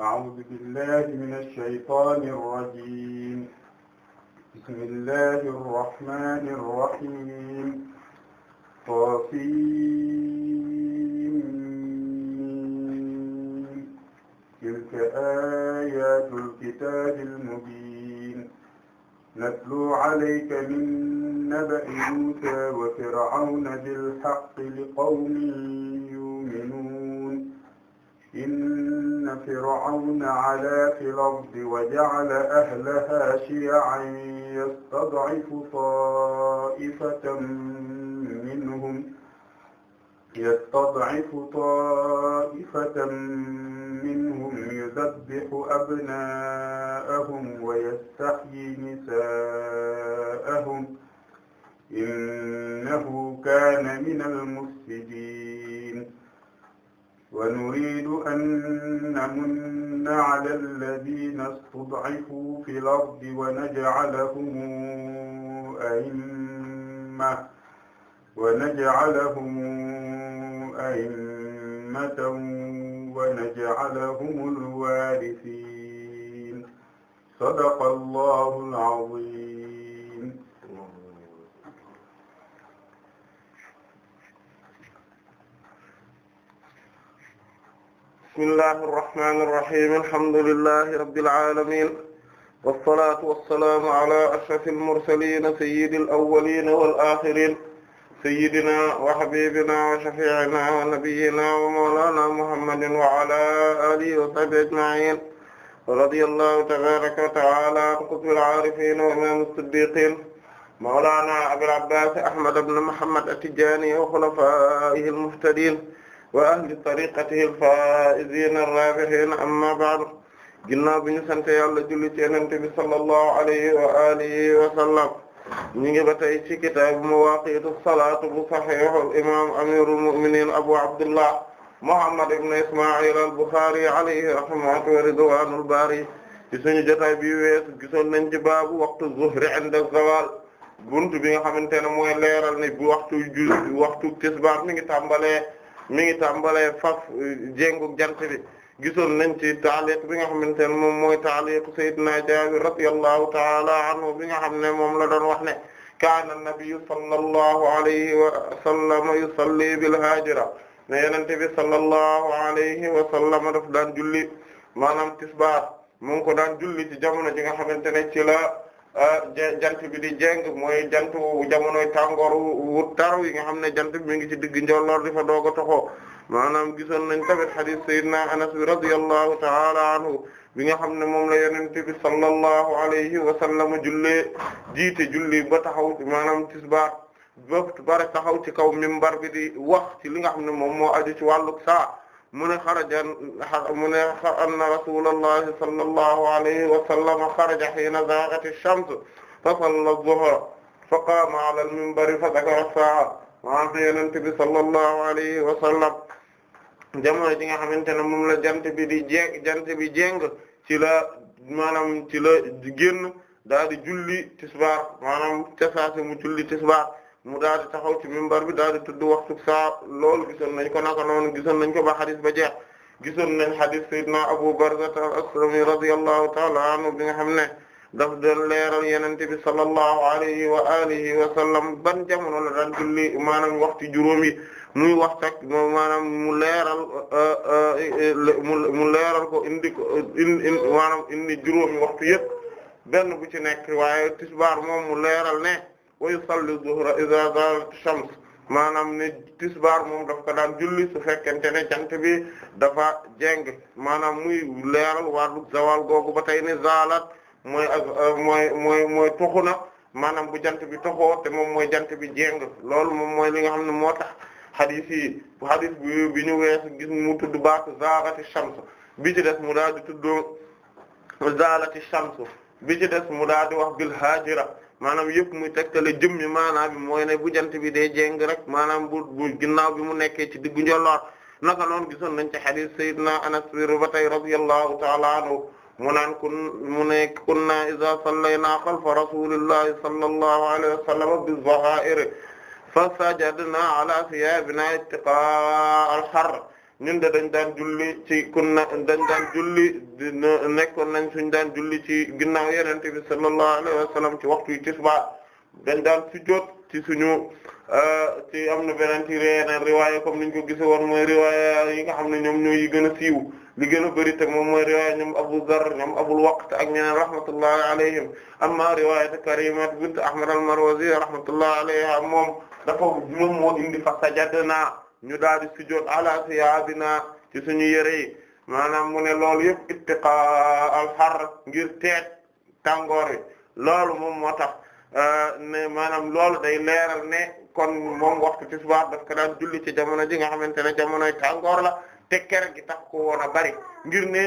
أعوذ بالله من الشيطان الرجيم بسم الله الرحمن الرحيم طاسيم تلك آيات الكتاب المبين نتلو عليك من نبأ موسى وفرعون بالحق لقوم يؤمنون إن إن فرعون علا في الأرض وجعل أهلها شيعا يستضعف طائفة منهم يستضعف طائفة منهم يذبح أبناءهم ويستحيي نساءهم إنه كان من المفسدين ونريد أن نمن على الذين استضعفوا في الأرض ونجعلهم أئمة ونجعلهم أئمة ونجعلهم الوارثين صدق الله العظيم bismillahi irrahmani irrahim alhamdulillahi rabbil alamin wassalatu wassalaamu ala ashrafil mursalin sayyidil awwalin wal akhirin sayyidina wa habibina wa shafi'ina wa nabiyyina wa mawlana muhammadin wa ala alihi wa sahbihi ajma'in radiyallahu tabaraka wa ta'ala an qutbil arifin wa imam as-siddiqin mawlana abil abbas ahmad ibn muhammad at-tijani wa khulafaihi al-muhtadin wa ahli tariqatihi al-faa'iziina ar-raabihiina amma ba'du ginnaaw bi ñu sant yàlla julli ci Yonent bi sallallahu alayhi wa alihi wa sallam ñu ngi ba tey ci kitaabu mawaaqiitu salaat bu saxiixul imaam amiirul mu'miniin abu abdullah muhammad ibn isma'il al-Bukhari alayhi rahmatu wa ridwaanul baari ci suñu jotaay bi weesu gisoon nañ ci baabu waxtu zuhri inda zawaal buntu bi nga xamante ne mooy leeral ne bi waxtu ju waxtu tisbaar mi ngi tàmbalee. mi ngi tàmbalee faf euh, jéngu jant bi gisoon nañ ci taaliq bi nga xamante ne moom mooy taaliq Seydina Jaabir radiyallahu taala anhu bi nga xam ne moom la doon wax ne kaana nabiyyu sallallahu alayhi wa sallam yusalli bil haajira ne yenente bi sallallahu alayhi wa sallam daf daan julli maanaam tisbaar mu ngi ko daan julli ci jamono ji nga xamante ne ci la Ah, jant bi di jeng mooy jant boobu jamonoy tàngoor wu taru yi nga xam ne jant bi mi ngi ci digg njolloor di fa doog a toxoo maanaam gisoon nañ tamit hadith sayyidina anas bi radiyallahu ta'ala anhu bi nga xam ne moom la yonent bi sallallahu alayhi wa sallam jullee jiite julli ba taxaw maanaam tisbaar ba bare taxaw ci kaw mimbar bi di wax ci li nga xam ne moom moo aju ci wàllu saa mu ne xaraja mu ne anna rasulallahi sallallahu alayhi wa sallam xaraja hiina zaaghati ash-shams fa salla dhuhra fa qaama ala al-minbari fa dhakara as-saa'a maanaam Yonent bi sallallahu alayhi wa sallam jamono ji nga xamante ne moom la jant bi di jéng jant bi jéng ci la maanaam ci la génn daal di julli tisbaar maanaam ca saasi mu julli tisbaar mu daal di taxaw ci minbar bi daal di tudd waxtu saa loolu gisoon nañ ko naka noonu gisoon nañ ko ba xadis ba jeex gisoon nañ xadis sayyidina Abu Barza al-Aslami radiyallahu ta'ala anhu bi nga xam ne daf doon leeral yenente bi sallallahu alayhi wa alihi wa sallam ban jamono la daan julli maanaam waxtu juróom yi muy waxtak maanaam mu leeral mu leeral ko indi ko in maanaam indi juróomi waxtu yëpp benn bu ci nekk waaye tisbaar moom mu leeral ne wa yusalli zuhra idha zalat shams maanaam ne tisbaar moom dafa ko daan julli su fekkente ne jant bi dafa jeng maanaam muy leeral wàllu zawal googu ba tey ne zalat mooy ak mooy mooy mooy na maanaam bu jant bi toxoo te moom mooy jant bi jeng loolu moom mooy li nga xam ne moo tax hadith yi hadith bi bi ñu weesu gis mu tudd baatu zaalati shams bi ci des mu daal di tudd zaalati shams bi ci des mu daal di wax bil hajira maanaam yëpp muy tegtale jëmmi maanaam bi mooy ne bu jant bi day jéng rek maanaam bu bu ginnaaw bi mu nekkee ci diggu njolloor naka noonu gisoon nañ ci hadith sayyidina anas bi rubatay radiyallahu ta'ala anhu mu naan kun mu ne kunna idha sallayna khalfa rasulillahi sallallahu alayhi wa sallam bi-dhaha'ir fa sajadna ala thiyabina ittiqa al-har ñun da dañ daan julli ci kunna dañ daan julli nekkoon nañ suñ daan julli ci ginnaaw yonent bi sallallahu alayhi wa sallam ci waxtu yu tisba dañ daan sujjóot ci suñu euh, ci am na beneen ci yeneen riwaaya comme niñ ko gise woon mooy riwaaya yi nga xam ne ñoom ñoo yi gën a siiw li gën a bëri te moom mooy riwaaya ñoom Abu Zarr ñoom Abul Waqt ak ñeneen rahmatullahi alayhim amma riwaayatu Karimatu bint Ahmad al-Marwazi rahmatullahi alayha moom dafa moom moo indi fa sajadna ñu daal di sujjóot ala siyaabina ci suñu yére yi maanaam mu ne loolu yëpp ittiqa al ngir teet tàngoor wi loolu moom moo tax euh, ne maanaam lool day leeral ne kon moom waxtu ci subaar daf ko daan julli ci jamono ji nga xamante ne jamonoy tàngoor la te kër gi tax ko woon a bari ngir ne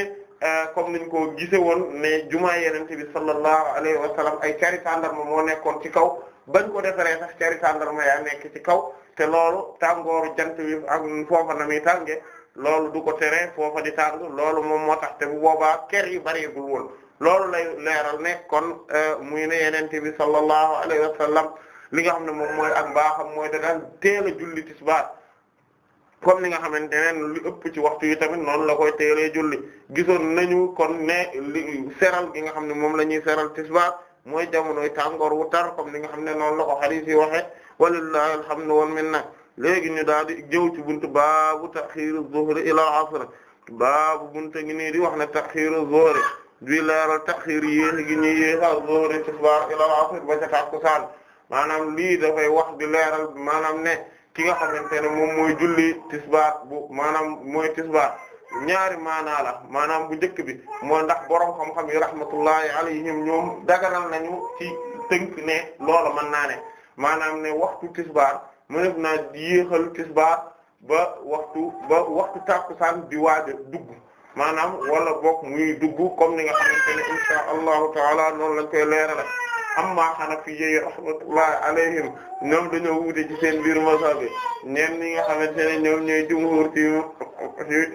euh, comme niñ ko gise woon ne jumaa yenente bi sallallahu alayhi wa sallam ay cari tàndarma moo nekkoon ci kaw bañ ko defaree sax cari tàndarma yaa nekk ci kaw te loolu tàngooru jant bi ak foofa na muy tànge loolu du ko tere foofa di tàng loolu moom moo tax te bu boobaa ker yi bëreegul loolu lay leeral ne kon euh, muy ne yenente bi sallallahu alayhi wa li nga xam ne moom mooy ak mbaaxam mooy da daan a julli tisbaar comme ni nga xamante ne li ëpp ci waxtu yi tamit noonu la koy teelee julli gisoon nañu kon ne li seral gi nga xam ne moom la ñuy seral tisbaar mooy jamonoy tàngoor wu tar comme ni nga xam ne noonu la ko hadith yi walillahi alhamdu wal minna léegi ñu daal di jëw ci buntu baabu taxiiru zuhri ila al asr baabu buntu gi nii di wax ne taxiiru zuhri di leeral taxiir yéex gi ñuy yéexal zuhri tisbaar ila al asr ba ca maanaam lii dafay wax di leeral maanaam ne ki nga xamante ne moom mooy julli tisbaar bu maanaam mooy tisbaar ñaari maanaala la maanaam bu njëkk bi mooy ndax borom xam-xam yi rahmatullahi alayhim ñoom daganal nañu ci tënk ne loolu mën naa ne maanaam ne waxtu tisbaar mënef naa yéexal tisbaar ba waxtu ba waxtu tàkkusaan di waaja dugg maanaam wala bokk muy dugg comme ni nga xamante ne insha allahu taala noonu lañ koy leerala amma Hanafiyya yi rahmatullahi alayhim ñoom dañoo wuute ci seen biir mazhab bi ñeen ñi nga xamante ne ñoom ñooy jumhur ci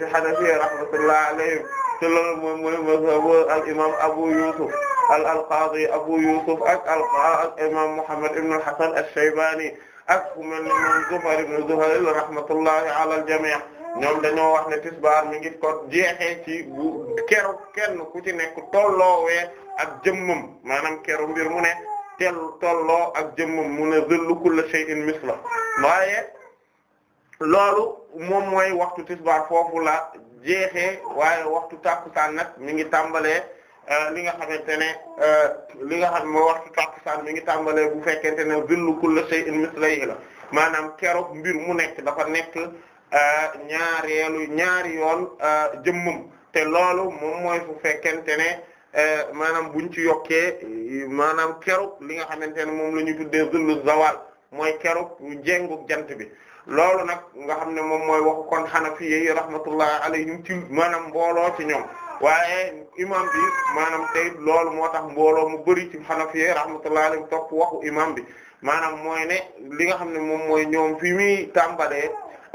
ci Hanafiyya rahmatullahi alayhim te loolu moom mooy mazhab al imam Abu Yusuf al alqaadi Abu Yusuf ak alqaadi ak Muhammad ibn al-Hasan ash-Shaybani ak ku mel ne moom Zuhayr ibn rahmatullahi ala al-jamii' ñoom dañoo wax ne tisbaar mi ngi ko jeexee ci bu keru kenn ku ci nekk tolloowee ak jëmmam maanaam mbir mu ne tell tolloo ak jëmmam mu ne zillu kulli misla waaye loolu moom mooy waxtu tisbaar foofu la jeexee waaye waxtu tàkkusaan nag mi ngi tàmbalee. Euh, li nga xamante ne euh, li nga xam moo waxtu tàkkusaan mi ngi tàmbalee bu fekkente ne zillu la maanaam keroog mbir mu nekk dafa nekk euh, ñaareelu ñaari yoon jëmmum te loolu moom mooy fu fekkente ne maanaam buñ ci yokkee maanaam keroog li nga xamante ne moom la ñu tuddee zillu zawal mooy keroog jéngu jant bi loolu nag nga xam ne moom mooy waxu kon Hanafi yi rahmatullah alayhim ci maanaam mbooloo ci ñoom waaye imam bi maanaam tey loolu moo tax mbooloo mu bëri ci xanafiye rahmatullahi alayhi topp waxu imam bi maanaam mooy ne li nga xam ne moom mooy ñoom fi muy tàmbalee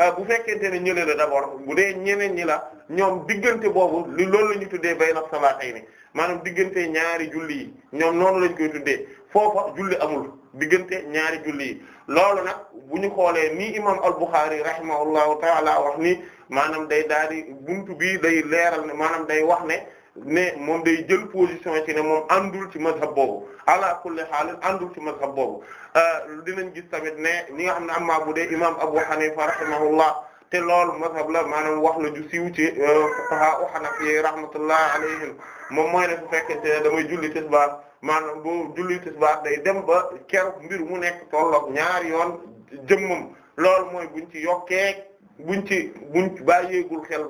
euh, bu fekkente ne ñële la d'abord bu dee ñeneen ñi la ñoom diggante boobu li loolu la ñu tuddee bayna salaatayni maanaam diggante ñaari julli yi ñoom noonu lañ koy tuddee foofa julli amul diggante ñaari julli yi loolu nag bu ñu xoolee nii imam al-Bukhari rahimahullahu taala wax ni maanaam day daal di buntu day leeral ne maanaam day wax ne ne moom day jël position ci ne moom àndul ci mazhab boobu ala kulli haal àndul ci mazhab boobu euh, dinañ gis tamit ne ni nga xam ne amma bu dee imam Abu Hanifa rahimahullah te loolu mazhab la maanaam wax la ju siiw ci euh, fuqaha u Hanafi rahmatullah alayhim moom mooy ne su fekkente ne damay julli tisbaar maanaam boo julli tisbaar day dem ba keroog mbir mu nekk tolloog ñaari yoon jëmmam loolu mooy buñ ci yokkee buñ ci buñ ba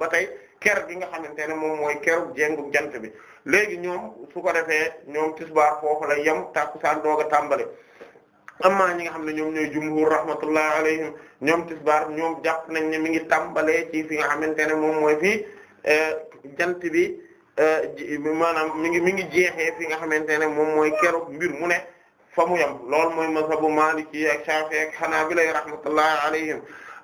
tey ker gi nga xamante ne moom mooy keru jéngu jant bi léegi ñoom su ko defee ñoom tisbaar foofu la yem tàkkusaan doog a tàmbale amma ñi nga xam ne ñoom ñooy jumhur rahmatullah alayhim ñoom tisbaar ñoom jàpp nañ ne mi ngi tàmbalee ci fi nga xamante ne moom mooy fii eh, jant bi eh, maanaam mi ngi mi ngi jeexee fi nga xamante ne moom mooy keroog mbir mu ne fa mu yem loolu mooy mazhabu maliki ak shafi ak hanabila rahmatullahi alayhim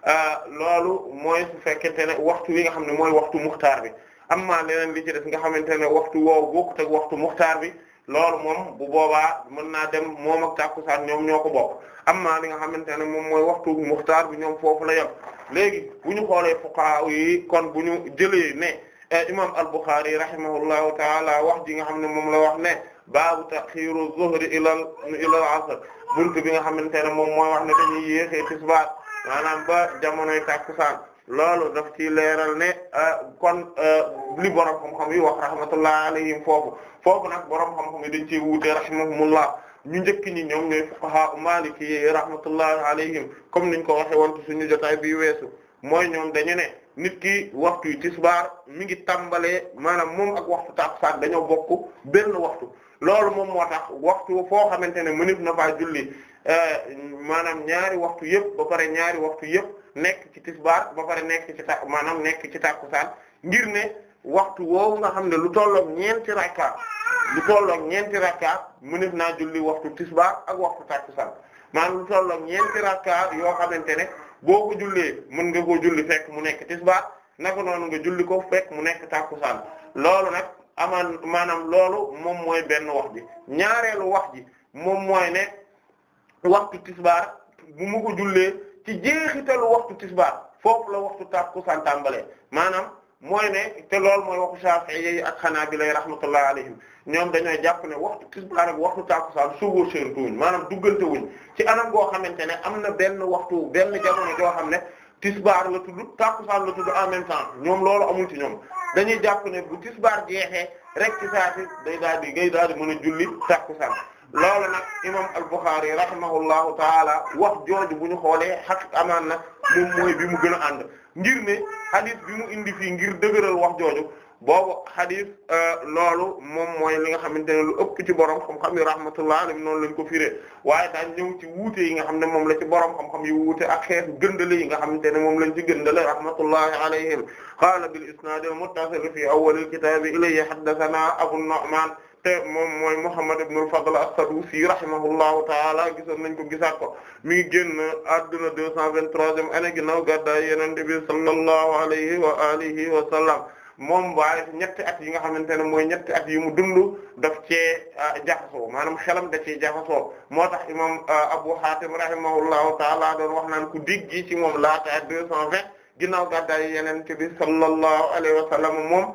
Euh, loolu mooy su fekkente ne waxtu wi nga xam ne mooy waxtu muxtaar bi amma leneen li ci des nga xamante ne waxtu woowu bokkut ak waxtu muxtaar bi loolu moom bu boobaa mën naa dem moom ak tàkkusaan ñoom ñoo ko bokk amma li nga xamante ne moom mooy waxtu muxtaar bi ñoom foofu la yem léegi bu ñu xoolee fuqahaa yi kon bu ñu jëlee ne eh, imam al-Bukhari rahimahullahu taala wax ji nga xam ne moom la wax ne baabu taxiiru zuhri ilal ilal asr buntu bi nga xamante ne moom mooy wax ne dañuy yéexee tisbaar maanaam ba jamonoy tàkkusaan loolu daf ci leeral ne euh, kon euh, li borom xam-xam yi wax rahmatullah alayhim foofu foofu nag borom xam-xam yi dañ ci wuute rahimahumullah ñu njëkk ñi ñoom ñooy fuqaha maliki yi rahmatullah comme niñ ko waxe woon suñu jotaay bi weesu mooy ñoom dañu ne nit ki waxtu yi tisbaar mi ngi tàmbalee maanaam moom ak waxtu tàkkusaan dañoo bokk benn waxtu loolu moom moo tax waxtu foo xamante ne mënif na faa julli Euh, maanaam ñaari waxtu yëpp ba pare ñaari waxtu yëpp nekk ci tisbaar ba pare nekk ci ta maanaam nekk ci tàkkusaan ngir ne waxtu woowu nga xam ne lu tolloog ñeenti rakka lu tolloog ñeenti rakka mënef naa julli waxtu tisbaar ak waxtu tàkkusaan maanaam lu tolloog ñeenti rakka yoo xamante ne boo ko jullee mën nga koo julli fekk mu nekk tisbaar naka noonu nga julli ko fekk mu nekk tàkkusaan loolu nag amaan maanaam loolu moom mooy benn wax ji ñaareelu wax ji moom mooy ne waxtu tisbaar bu mu ko jullee ci jeexitalu waxtu tisbaar foofu la waxtu tàkkusaan tàmbalee maanaam mooy ne te loolu mooy waxu Shafi'i ak xanaa Hanabila rahmatullahi alayhim ñoom dañoo jàpp ne waxtu tisbaar ak waxtu tàkkusaan sugóor maanaam duggante wuñ ci anam goo xamante ne am na benn waxtu benn jamono joo xam ne tisbaar la tudd tàkkusaan la tudd en même temps ñoom loolu amul ci ñoom dañuy jàpp ne bu tisbaar jeexee rek ci saa si day daal di ngay daal di mën a julli tàkkusaan loolu nag imam al-Bukhari rahimahullahu taala wax jooju bu ñu xoolee xaq amaan na moom mooy bi mu gën a ànd ngir ne hadith bi mu indi fii ngir dëgëral wax jooju boobu hadith euh, loolu moom mooy li nga xamante ne lu ëpp ci borom xam-xam yi rahmatullah alayhi noonu lañ ko firee waaye daan ñëw ci wuute yi nga xam ne moom la ci borom xam-xam yi wuute ak xeetu gëndale yi nga xamante ne moom lañ ci gëndale rahmatullahi alayhim qaala bil isnaad al-muttasil fi awwal al-kitaab ilayhi haddathana Abu Nu'man te moom mooy Muhammad ibnul Fadl as-Sadusi rahimahullahu taala gisoon nañ ko gisaat ko mi ngi génn adduna deux cent vingt-troisième année ginnaaw gàddaay Yonent bi sallallahu alayhi wa alihi wa sallam moom waaye ñetti at yi nga xamante ne mooy ñetti at yi mu dund daf cee jaxasoo maanaam xelam da cee jaxasoo moo tax imam Abu Hatim rahimahullahu taala doon wax naan ku diggi ci moom laata deux cent vingt ginnaaw gàddaay Yonent bi sallallahu alayhi wa sallam moom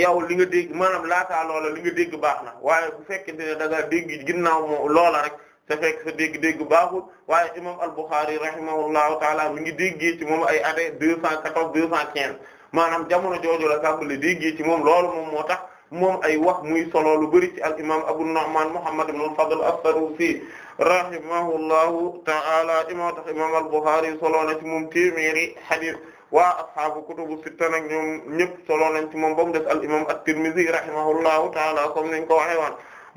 yow li nga dégg maanaam laataa loola li nga dégg baax na waaye bu fekkente ne da nga dégg ginnaaw moo loola rek te fekk sa dégg-dégg baaxul waaye imam al-Bukhari rahimahullahu taala mi ngi déggee ci moom ay année deux cent quatorze deux cent quinze maanaam jamono jooju la sàmbale déggee ci moom loolu moom moo tax moom ay wax muy solo lu bari ci al imam Abu Nu'man Muhammad ibn al-Fadl as-Sadusi rahimahullahu taala imam tax imam al-Bukhari solo na ci moom téeméeri hadith waa ashaabu kutubu sitta nag ñoom ñëpp solo nañ ci moom ba mu des al imam at-Tirmidhi rahimahullahu taala comme niñ ko waxee woon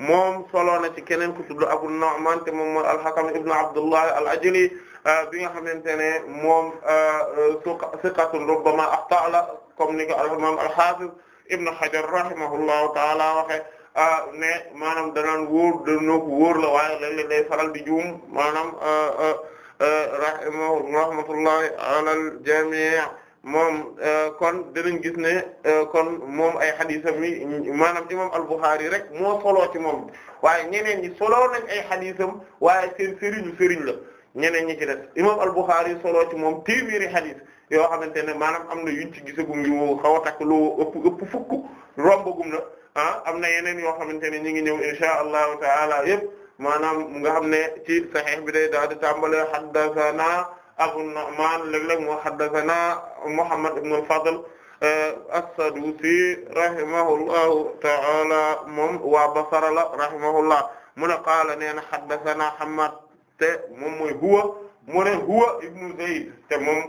moom solo na ci keneen ku tudd Abu Nu'man te moom mooy al-Hakam ibn Abdullah al-Ajli euh, bi nga xamante ne moom euh, siqatun rubbama axta la comme ni ko al-imam al-Hafiz ibn Hajar rahimahullahu taala waxe euh, ne maanaam danaan wóor danoo ko wóor la waaye léeg-léeg faral di juum maanaam rahimahu rahmatullahi alal jamii moom euh, kon dinañ gis ne euh, kon moom ay xadisam yi maanaam imam al-Bukhari rek moo soloo ci moom waaye ñeneen ñi soloo nañ ay xadisam waaye seen sëriñu sëriñ la ñeneen ñi ci def imam al-Bukhari soloo ci moom téeméeri xadis yoo xamante ne maanaam am na yuñ ci gisagum yu wow xaw a takk loo ëpp ëpp fukk rombagum na ah am na yeneen yoo xamante ne ñu ngi ñëw insha allahu taala yëpp maanaam nga xam ne ci sahih bi day daal di tàmbale haddathana Abu Nu'man léeg-léeg mu haddathana Muhammad ibn al-Fadl eh, as-Sadusi rahimahullahu ta'ala moom waa Basra la rahimahullah mu ne qaala nee na haddathana Hammad te moom mooy huwa mu ne huwa ibnu Zayd te moom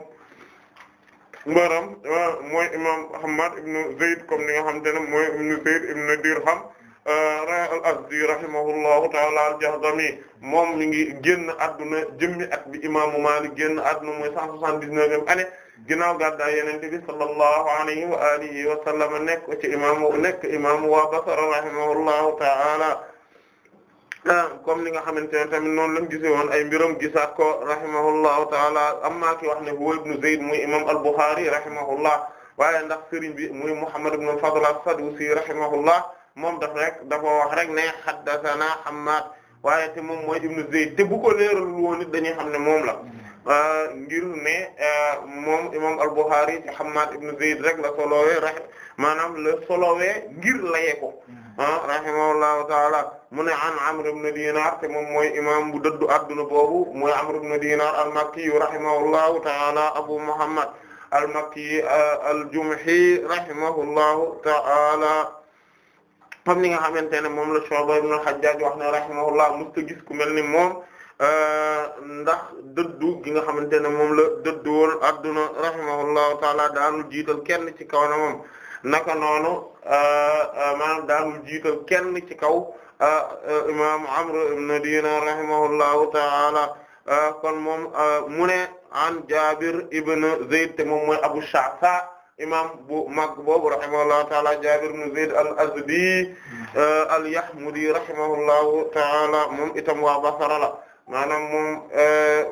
mbaram eh, mooy imam Hammad ibnu Zayd comme ni nga xam te ne mooy ibnu Zayd ibnu Dirham al-Azdi rahimahullahu ta'ala al-Jahdami moom mi ngi génn adduna jëmmi at bi imaamu Maalik génn adduna mooy cent soixante-dix-neuvième année ginnaaw gàddaay Yonent bi alayhi wa alihi nekk ci nekk imaamu waa Basra rahimahullahu ta'ala comme li nga xamante ne tamit noonu lañ gise woon ay mbiram gisaat ko rahimahullahu ta'ala amma ki wax ne huwa ibnu Zayd muy imam al-Bukhari rahimahullah waaye ndax sëriñ bi muy Muhammad ibn al-Fadl as-Sadusi rahimahullah moom daf rek dafa wax rek ne haddathana Hammad waaye te moom mooy ibnu Zayd te bu ko leeral woon it xam ne moom la mm. ah, ngir ne eh, moom imam al-Bukhari ci Hammad ibnu Zayd rek la solowee ra maanaam la solowee ngir layee ko mm. ah, rahimahullahu taala mu ne an Amr ibn Dinar te moom mooy imam bu dëddu adduna boobu mooy Amr ibn Dinar al-Makki rahimahullahu taala Abu Muhammad al-Makki ah, al-Jumahi taala comme ni nga xamante ne moom la Shu'ba ibn al-Hajjaj wax ne rahimahullah musta gis ku mel ni moom euh, ndax dëddu gi nga xamante ne moom la dëddu woon adduna rahimahullahu taala daanu jiital kenn ci kaw na moom naka noonu euh, euh, maanaam daanu jiital kenn ci kaw imam Amr ibn Dinar rahimahullahu taala kon moom mu an Jabir ibn Zayd te moom mooy Abu Sha'tha imam bu mag boobu rahimahullahu taala Jaabir ibn Zayd al-Azdi hmm. euh, al-Yahmudi rahimahullahu taala moom itam waa Basra la maanaam moom euh,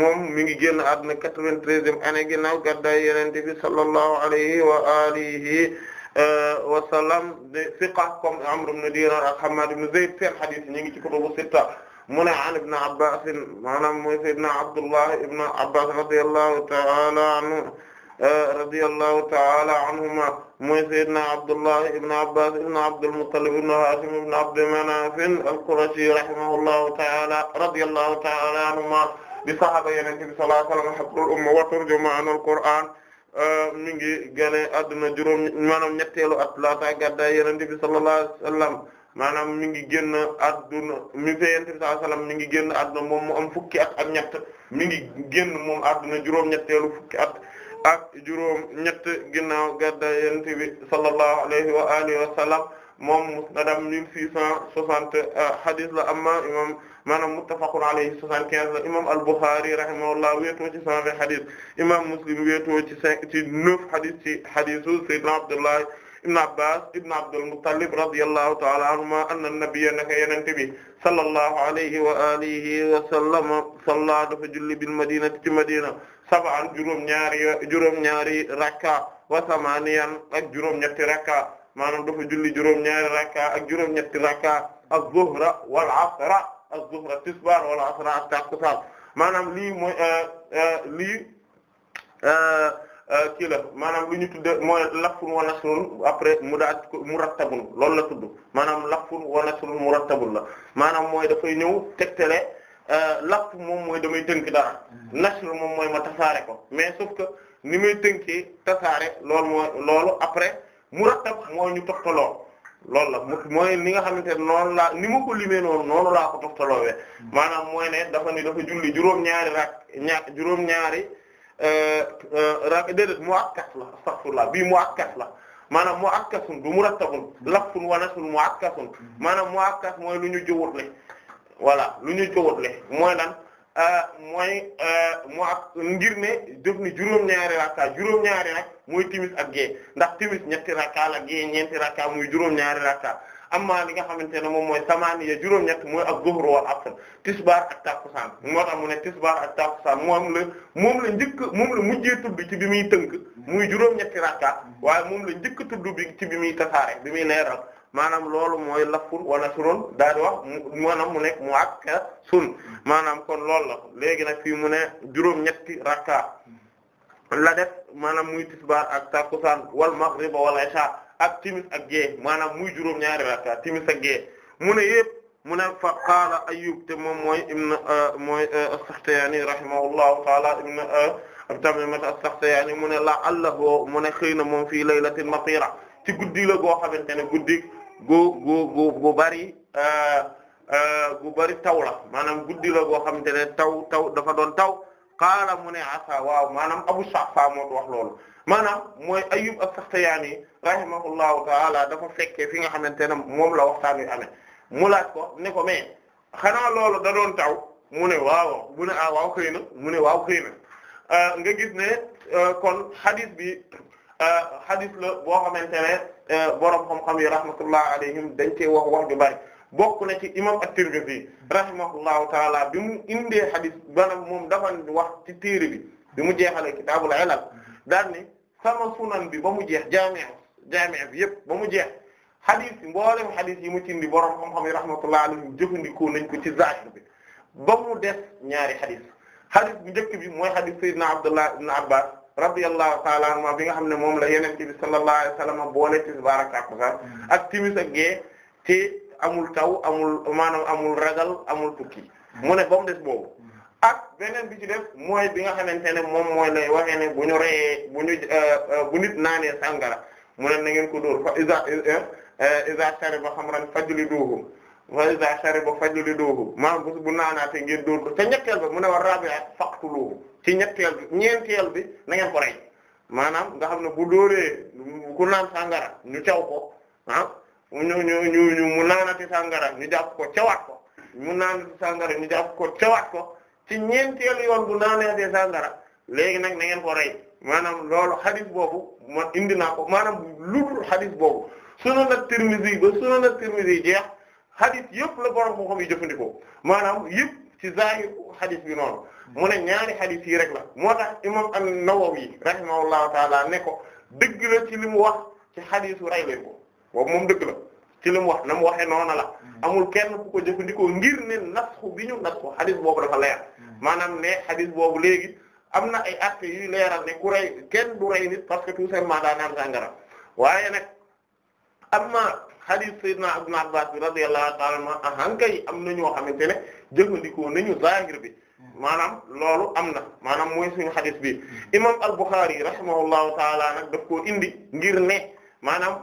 moom mi ngi génn àdduna quatre-vingt-treizième année ginnaaw gàddaay Yonent bi sallallahu alayhi wa alihi euh, wa sallam de thiqa comme Amr ibn Dinar ak Hammad ibn Zayd seen hadith ñi ngi ci kutubu sitta mu ne an ibn Abbas maanaam mooy sayyidina Abdullah ibn Abbas radiyallahu taala anhu radiyallahu ta'ala anhuma mooy sayyidina Abdullah ibn Abbas ibn Abdul Muttalib ibn Hashim ibn Abd Manaf al-Qurashi rahimahullahu ta'ala radiyallahu ta'ala anhuma di sahaaba Yonent bi sallallahu alayhi wa sallam habrul umma wa turjumanul Qur'an euh, mi ngi génne adduna juróom maanaam ñetteelu at laata gàddaay Yonent bi sallallahu alayhi wa sallam maanaam mi ngi génn adduna mi ngi fee yonent bi sallallahu alayhi wasallam mi ngi génn adduna moom mu am fukki at ak ñett mi ngi génn moom adduna juróom-ñetteelu fukki at ak juróom ñett ginnaaw gàddaay yonent bi sallallahu alayhi wa alihi wa sallam moom musnadam mille six cent soixante euh, hadith la amma imam maanaam muttafaqun alayhi soixante-quinze la imam al-Bukhari rahimahullah wéetoo ci cent vingt hadith imam Muslim wéetoo ci cinq ci neuf hadith ci hadithu sayyidina Abdullah ibn Abbas ibn Abdul Muttalib radiyallahu ta'ala anhuma anna an-nabiyya naka yonent bi sallallahu alayhi wa alihi wa sallam salla dafa julli bil madinati ci Madina sabaan juróom-ñaari juróom-ñaari rakka wa samaaniyan ak juróom-ñetti rakka maanaam dafa julli juróom-ñaari rakka ak juróom-ñetti rakka az-zuhra wal asra az-zuhra tisbaar wal asra ak takusaan maanaam lii mooy euh, euh, lii euh, kii la maanaam lu ñu tudde mooy lafun wa nasrun après mu daa murattabun loolu la tudd maanaam lafun wa nasrun murattabun la maanaam mooy dafay ñëw tegtale Euh, lapp moom mooy damay tënk la mm. nashr moom mooy ma tasaare ko mais sauf que ni muy tënkee tasaare loolu moo loolu après murattab mooy ñu toftaloo loolu la mooy ni nga xamante ne noonu laa ni ma ko limee noonu noonu laa ko toftaloowee mm. maanaam mooy ne dafa ni dafa julli juróom-ñaari rak ñaar juróom-ñaari euh, euh, rak déedéet mu akkas la la bii mu akkas la maanaam mu akkasun du murattabun lafun wa nashrun mu akkasun mm. maanaam mu akkas mooy lu ñu jëwut ne voilà lu ñuy cowatle mooy lan euh, mooy euh, mu ngir ne def ni juróom-ñaari rakka juróom-ñaari rek mooy timis ak gée ndax timis ñetti rakka la gée ñeenti rakka muy juróom-ñaari rakka amma li nga xamante ne moom mooy samaaniya juróom-ñett mooy ak zuhru wal asr tisbaar ak takkusaan moo tax mu ne tisbaar ak takkusaan moom la moom la njëkk moom la mujjee tudd ci bi muy tënk muy juróom-ñetti rakka waaye moom la njëkk tudd bi ci bi muy tasaare bi muy leeral maanaam loolu mooy lafun wala surun daal di wax mu maanaam mu nekk mu ak sun maanaam kon loolu la léegi nag fii mu ne juróom-ñetti rakka la def maanaam muy tisbaar ak takusaan wal maghrib wal isha ak timis ak gée maanaam muy juróom-ñaari rakka timis ak gée mu ne yëpp mu ne fa qaala Ayyub te moom mooy ibn euh, mooy euh, as-Sakhtiyani rahimahullahu taala ibn ab euh, Tamimat as-Sakhtiyani mu ne la'allahu mu ne xëy na moom fii laylatin matira ci guddi la goo xamante ne guddi gu gu gu bari uh, uh, gu bari taw la maanaam guddi la goo xamante ne taw taw dafa doon taw qaala mu ne asa waaw maanaam Abu Sa'fa moo wax loolu maanaam mooy Ayyub as-Saxtiyaani rahimahullahu taala dafa fekkee fi nga xamante ne moom la waxtaan wi amee mu laaj ko ne ko mais xanaa loolu da doon taw mu ne waaw mu ne ah waaw xëy na mu ne waaw xëy na uh, nga gis ne kon hadith bi hadith la boo xamante ne. Euh, borom xam-xam yi rahmatullah alayhim dañ cee wax wax ju bari bokk na ci imam at-Tirmidhi rahimahullahu taala bi mu indee hadith banam moom dafa wax ci téere bi bi mu jeexalee kitaabul ilal daan ni sama sunan bi ba mu jeex jaami' jaami' bi yëpp ba mu jeex hadith mboolem hadith yi mu ci indi borom xam-xam yi rahmatullah alayhim jëfandikoo nañ ko ci zaahir bi ba mu def ñaari hadith hadith bu njëkk bi mooy hadith sayyidina Abdullah ibn Abbas radiyallahu ta'ala anhu bi nga xam ne moom la yeneen bi sallallahu alayhi wasallam boole tisbaar ak takkusaan ak timis ak gee te amul taw amul maanaam amul ragal amul tukki mu ne ba mu des boobu ak beneen bi ci def mooy bi nga xamante ne moom mooy lay waxee ne bu ñu reyee bu ñu euh, euh, bu nit naanee sàngara mu ne na ngeen ko dóor fa isa euh, isa shariba xamran a wa isa shariba fajliduhu maanaam bu naanaate ngeen dóor ko te ñetteel ba mu ne war rabe rabi'a faqtuluhu ci ñetteel bi ñeenteel bi na ngeen ko rey maanaam nga xam ne bu dóoree ku naan sàngara ñu caw ko ah ñu ñu ñu ñu mu naanati sàngara ñu jàpp ko cawaat ko mu naanati sàngara ñu jàpp ko cawaat ko ci ñeenteel yoon bu naanatee sàngara léegi nag na ngeen ko rey maanaam loolu xadis boobu ma indi naa ko maanaam ludul xadis boobu sunan at-Tirmidhi ba sunan at-Tirmidhi jeex xadis yëpp la borom moo xam yi jëfandikoo maanam yëpp. ci zahir xadis bi noonu mu ne ñaari xadis yi rek la moo tax imam an-Nawawi rahimahullahu taala ne ko dëgg la ci li mu wax ci xadisu rey leen ko boobu moom dëgg la ci li wax na mu waxee noona la amul kenn ku ko jëfandikoo ngir ne nasxu bi ñu nasxu xadis boobu dafa leer maanaam ne xadis boobu léegi am na ay actes yu leeral ne ku rey kenn du rey nit parce que tout simplement daa naan sàngara waaye nag am na xadis sayyidina Ibn Abbas bi radiyallahu ta'ala anhu ahankay ah, ñoo xamante ne jëfandikoo nañu zahir bi maanaam loolu am na maanaam mooy suñu xadis bi imam al-Bukhari rahimahullahu taala nag daf koo indi ngir ne maanaam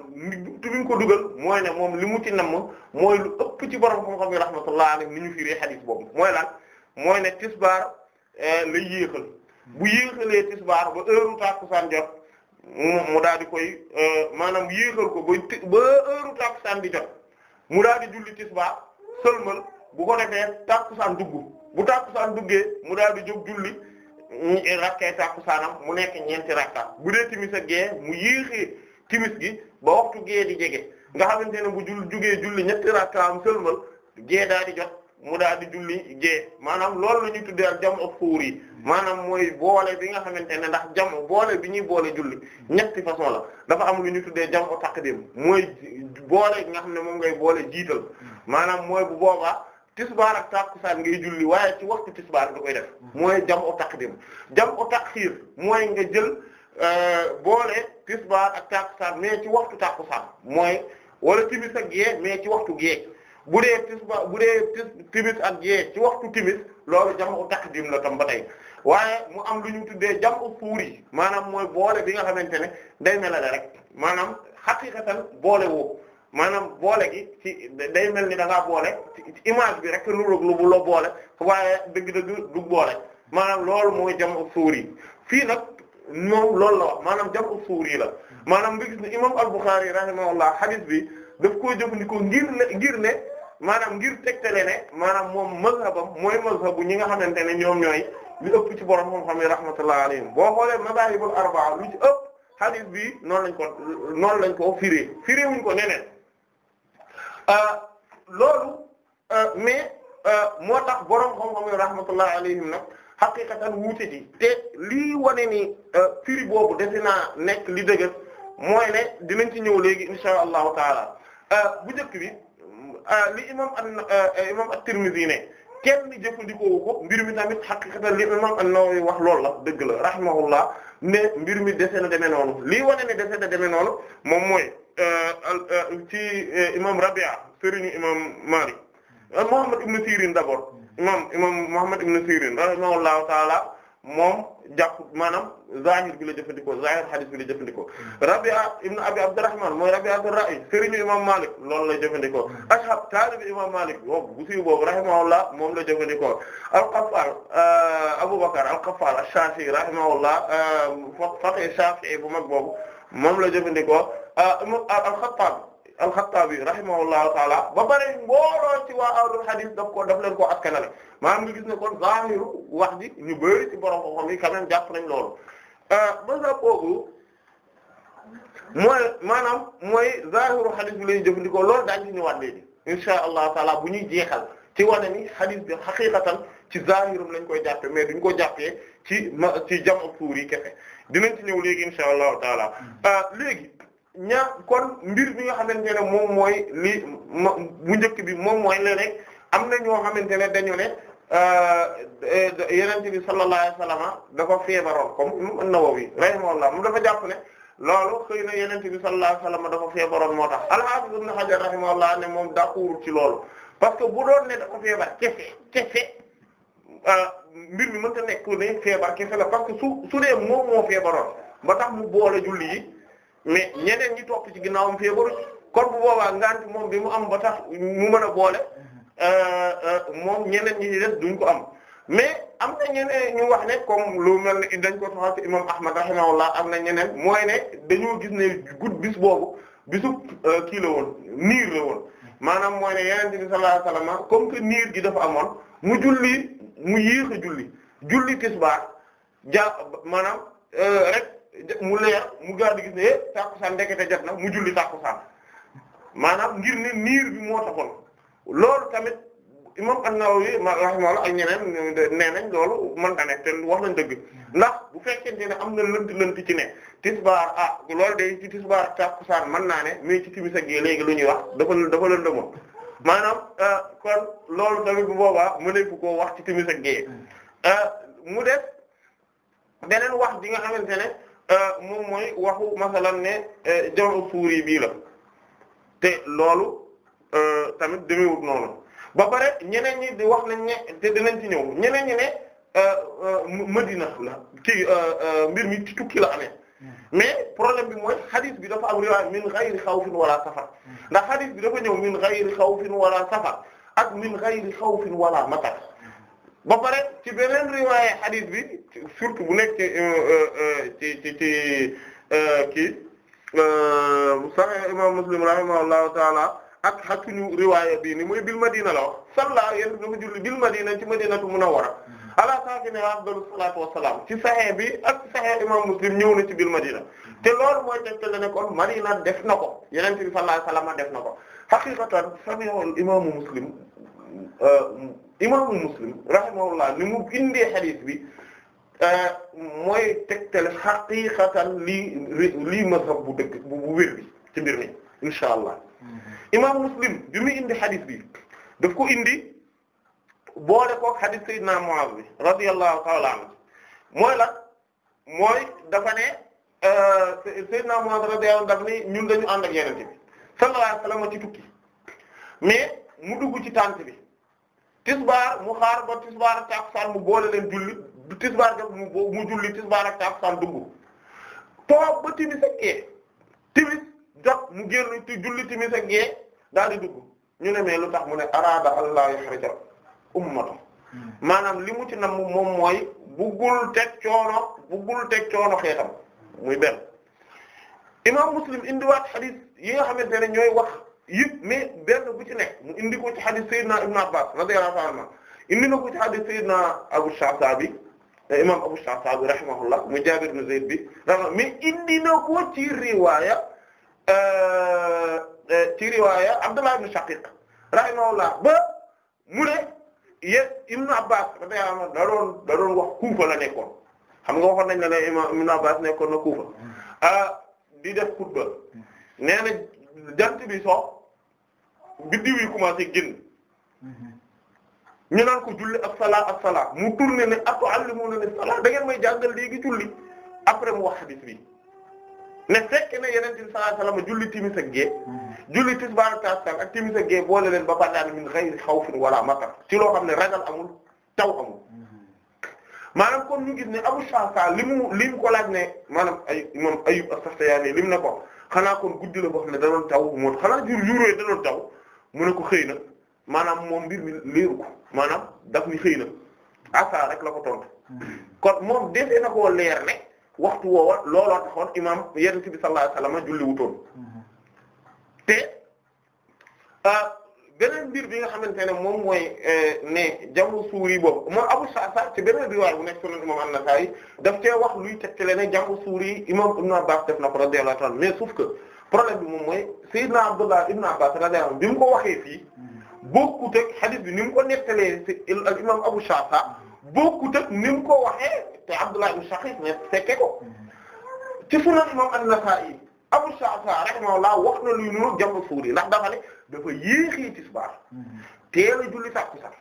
tu ko dugal mooy ne moom li mu ci namm mooy lu ëpp ci borom xam-xam yi rahmatullahi alayhi ni ñu firee xadis boobu mooy lan mooy ne tisbaar eh, la yéexal bu yéexalee tisbaar ba heure tàkkusaan jot mu daal di koy eh, maanaam yéexal ko ba ba heure tàkkusaan di jot mu daal di julli tisbaar sëlmal bu ko defee tàkkusaan dugg bu tàkkusaan duggee mu daal di jóg julli ñu rakkee tàkkusaanam mu nekk ñeenti rakka bu dee timis ak gee mu yéexee timis gi ba waxtu gee di jege nga xamante ne bu jul jugee julli ñetti rakkaam sëlmal gee daal di jot mu daal di julli gee maanaam loolu la ñuy tuddee ak jam yi maanaam mooy boole bi nga xamante ne ndax jam boole bi ñuy boole julli ñetti façon la dafa am lu ñuy tuddee jam ak taqdim mooy boole nga xam ne moom ngay boole jiital maanaam mooy bu boobaa. tisbaar ak takkusaan ngay julli waaye ci waxtu tisbaar nga koy def mm-hmm. mooy jam o taqdim jam o taxiir mooy nga jël euh, boole tisbaar ak takkusaan mais ci waxtu takkusaan mooy wala timis ak gée mais ci waxtu gée bu dee bu dee timis ak gée ci waxtu timis loolu jam o taqdim la tam ba tey waaye mu am lu ñu tuddee jam o fuur yi maanaam mooy boole bi nga xamante ne day melale rek maanaam xaqiqatan boole woo maanaam boole gi ci day mel ni da ngaa boole ci image bi rek lu lu bu loo boole waaye dëgg-dëgg du boole maanaam lool mooy jamu suur yi fii nag moom loolu la wax maanaam jamu suur yi la maanaam nga gis ne imam al-Bukhari rahimahullah hadith bi daf koy jëfandikoo ngir ne ngir ne maanaam ngir tegtale ne maanaam moom mazhabam mooy mazhabu ñi nga xamante ne ñoom ñooy li ëpp ci borom xam-xam yi rahmatullah alayhim boo xoolee madahibul arba'a lu ci ëpp hadith bi noonu lañ ko noonu lañ ko firé firé ko neneen Euh, loolu euh, mais euh, moo tax borom xam-xam yi rahmatullah alayhim nag xaqiqatan wuute ji te lii wane ni firi boobu defe naa nekk li dëgg mooy ne dinañ ci ñëw léegi insha allahu taala bu njëkk bi li imam an imam at-Tirmidhi ne kenn jëfandikoo ko mbir mi tamit xaqiqatan li imam an-Nawawi wax loolu la dëgg la rahimahullah ne mbir mi dese na demee noonu lii wane ne dese na demee noonu moom mooy. Euh, euh, ci euh, imam Rabia sëriñu imam Malik Muhammad ibn Sirin d'abord imam imam Muhammad ibn Sirin rahimahullahu taala moom jàpp maanaam zahir bi la jëfandikoo zahir hadith bi la jëfandikoo Rabia ibn Abi Abdurrahman mooy Rabia ar-Ra'i sëriñu imam Malik loolu la jëfandikoo Ashhab taalibi imam Malik boobu bu siiw boobu rahimahullah moom la jëfandikoo al-Qaffal Abu Bakr al-Qaffal ash-Shafi'i rahimahullah faqih Shafi'i bu mag boobu moom la jëfandikoo Ah, ah, al-Khattabi al-Khattabi rahimahullahu taala ba pare mbooloo ci waa ahlul hadith daf ko daf leen ko askanale maanaam nga gis ne kon zahiru wax ji ñu bari ci borom ko xam yi quand jàpp nañ loolu ah, mazhab boobu mooy maanaam mooy zahiru hadith bi lañu jëfandikoo lool daañu ci ñëwaat léegi insha allah taala bu ñuy jeexal ci wane ni hadith bi xaqiqatan ci zahirum lañ koy jàppe mais duñ ko jàppee ci ma ci jamu suur yi kefe dinañ ci ñëw léegi insha allah taala léegi ña kon mbir mi nga xamante ne moom mooy li mu njëkk bi moom mooy le rek am na ñoo xamante ne dañu ne euh, yenente bi sallallahu alayhi wasallam dafa feebaroon comme an-Nawawi rahimahullah mu dafa jàpp ne loolu xëy na yenente bi sallallahu moo tax al-Hafiz Ibn Hajar rahimahullah ne moom dàquwul ci loolu parce que bu doon ne dafa feebar kese kese euh, mbir mi mënta nekk ne feebar kese la parce que su su dee moom moo feebaroon ba tax mu boole julli yi mais ñeneen ñi topp ci ginnaawam feebaru kon bu boobaa ngant moom bi mu am ba tax mu mën a boole mhm. euh, euh, moom ñeneen ñi des duñ ko am mais am na ñeneen ñu wax ne comme lu mel ne dañ ko taxaw ci imam Ahmad rahimahullah am na ñeneen mooy ne dañoo gis ne gudd bis boobu bisu euh, kii la woon niir la woon maanaam mooy ne yeneen bi sallallahu alayhi wasallam comme que niir gi dafa amoon mu julli mu yéex a julli julli tisbaar ja maanaam rek mu leer mu gaa di gis ne eh, tàkkusaan ndekete jot na mu julli tàkkusaan maanaam ngir ne niir bi moo taxoon loolu tamit imam an-Nawawi rahimahullah ak ñeneen nee nañ loolu mën na ne wax nañ dëgg ndax bu fekkente ne am na lënt lënt ci ne tisbaar ah loolu day ci tisbaar tàkkusaan mën naa ne mais ci timis ak yi léegi lu ñuy wax dafa dafa lëndëmoon maanaam euh, kon loolu tamit bu boobaa mëneeku ko wax ci timis ak gée euh, mu def beneen wax bi nga xamante ne Euh, moom mooy waxu masalan ne euh, jamu suuri bii la te loolu euh, tamit demewut noonu ba pare ñeneen ñi di wax nañ ne te dinañ ci ñëw ñeneen ñi ne Madina la ci mbir mi ci tukki la amee hmm. mais problème bi mooy hadith bi dafa am riwaay min xaw xawfin wala safar hmm. ndax hadith bi dafa ñëw min xaw xawfin wala safar ak min ghayri xawfin wala matar ba pare ci beneen riwaaye hadith bi surtout bu nekk ci euh, euh, ci ci euh, kii sax imam Muslim rahimahullahu taala ak xakkuñu riwaaya bii ni muy bil madina la wax salla yéen dafa julli bil madina ci madinatu munawwara ala saakinihaa a salaatu wassalaam ci Sahih bi ak Sahih imam Muslim ñëw na ci bil madina te loolu mooy tegtale ne kon madina def na ko Yonent bi sallallahu alayhi a sallam def na ko haqiqatan sami'al imaamu Muslim imaamu muslim rahimahullah ni mu indee xadis bi euh, mooy tegtale xaqiiqatan lii lii mazhab bu dëgg bu wér bi ci mbir mi insha allah mm-hmm. imaamu muslim bi muy indi xadis bi daf ko indi boole koog xadis sayyidina Muaaz bi radiyallahu ta'ala anhu mooy la mooy dafa ne euh, sayyidina Muaaz radiyallahu daf ni ñun dañu ànd ak yeneen bi sallallahu alayhi wasallam ci tukki mais mu dugg ci tànt bi. tisbaar mu xaar ba tisbaar ak takusaan mu boole leen julli tisbaar def mu mu julli tisbaar ak takusaan dugg toog ba timis ak gee timis jot mu julli timis ak gee daal di ñu ne mais lu tax mu ne araada allah yaxraja ummata hmm. maanaam li mu ci nam moom mooy buggul teg coono buggul teg coono xeetam muy benn imam muslim indiwaat hadith yi nga xamante ne ñooy wax yëpp mais benn bu ci nekk mu indi ko ci hadith Seydina Ibn Abbas radiyallahu anhu indi na ko ci hadith Seydina Abu Sha'sabi imam Abu Sha'sabi rahimahullah mu Jaabir ibn Zayd bi mais indi na ko ci riwaaya euh, euh, ci riwaaya Abdullah ibn Shaqiq rahimahullah ba mu ne ye Ibn Abbas radiyallahu anhu da doon da doon wax Kuufa la nekkoon xam nga waxoon nañ ne ne imam Ibn Abbas nekkoon na Kuufa ah, di def xutba hmm. nee na jant bi so biddiw yi commencé génn mhm. ñu naan ko julli ak salaa ak salaa mu tourné ne ak allimu ne salaa da ngeen may jàngal léegi julli après mu wax hadith bi ne fekk ne yeneen ci sallallahu alayhi ma julli timis ak ge mhm. julli tisbaar ak taasaan ak timis ak gée boole leen ba pare min ghayri khawfin wala matar ci loo xam ne ragal amul taw amul. Mhm. maanaam kon ñu gis ne Abu Sha'tha li mu li ko laaj ne maanam ay moom Ayyub as-Saxtiyaani lim ne ko xanaa kon guddi la boo xam ne da taw moo xanaa da taw. mu ne ko xëy na maanaam moom mbir mi leeru maanaam daf ni xëy na asa rek la ko tontu kon moom defee na koo leer ne waxtu woowa looloo taxoon imaam yonent bi sallallahu alayhi wasallam julli wutoon te ah, beneen mbir bi nga xamante ne moom mooy eh, ne jamu suuri boobu moom Abu Sa'sa ci beneen riwaay bu nekk sunan imam An-Nasa'i daf cee wax luy tegtale ne jamu suuri imaam Ibn baax def na ko radiyallahu anhu mais suuf que. problème bi moom mooy Seydina Abdullah ibn Abbas radiyallahu anhu bi mu ko waxee fii bokkut ak hadith bi nim ko nettalee si ak imam Abu Shafa bokkut ak ni mu ko waxee te Abdullah ibn Shaqiq ne fekke ko ci sunan imam An-Nasa'i Abu Shafa wax na lu ñu jàmm suuri ndax dafa ne dafa yéexi tisbaar teel a julli sàkku sax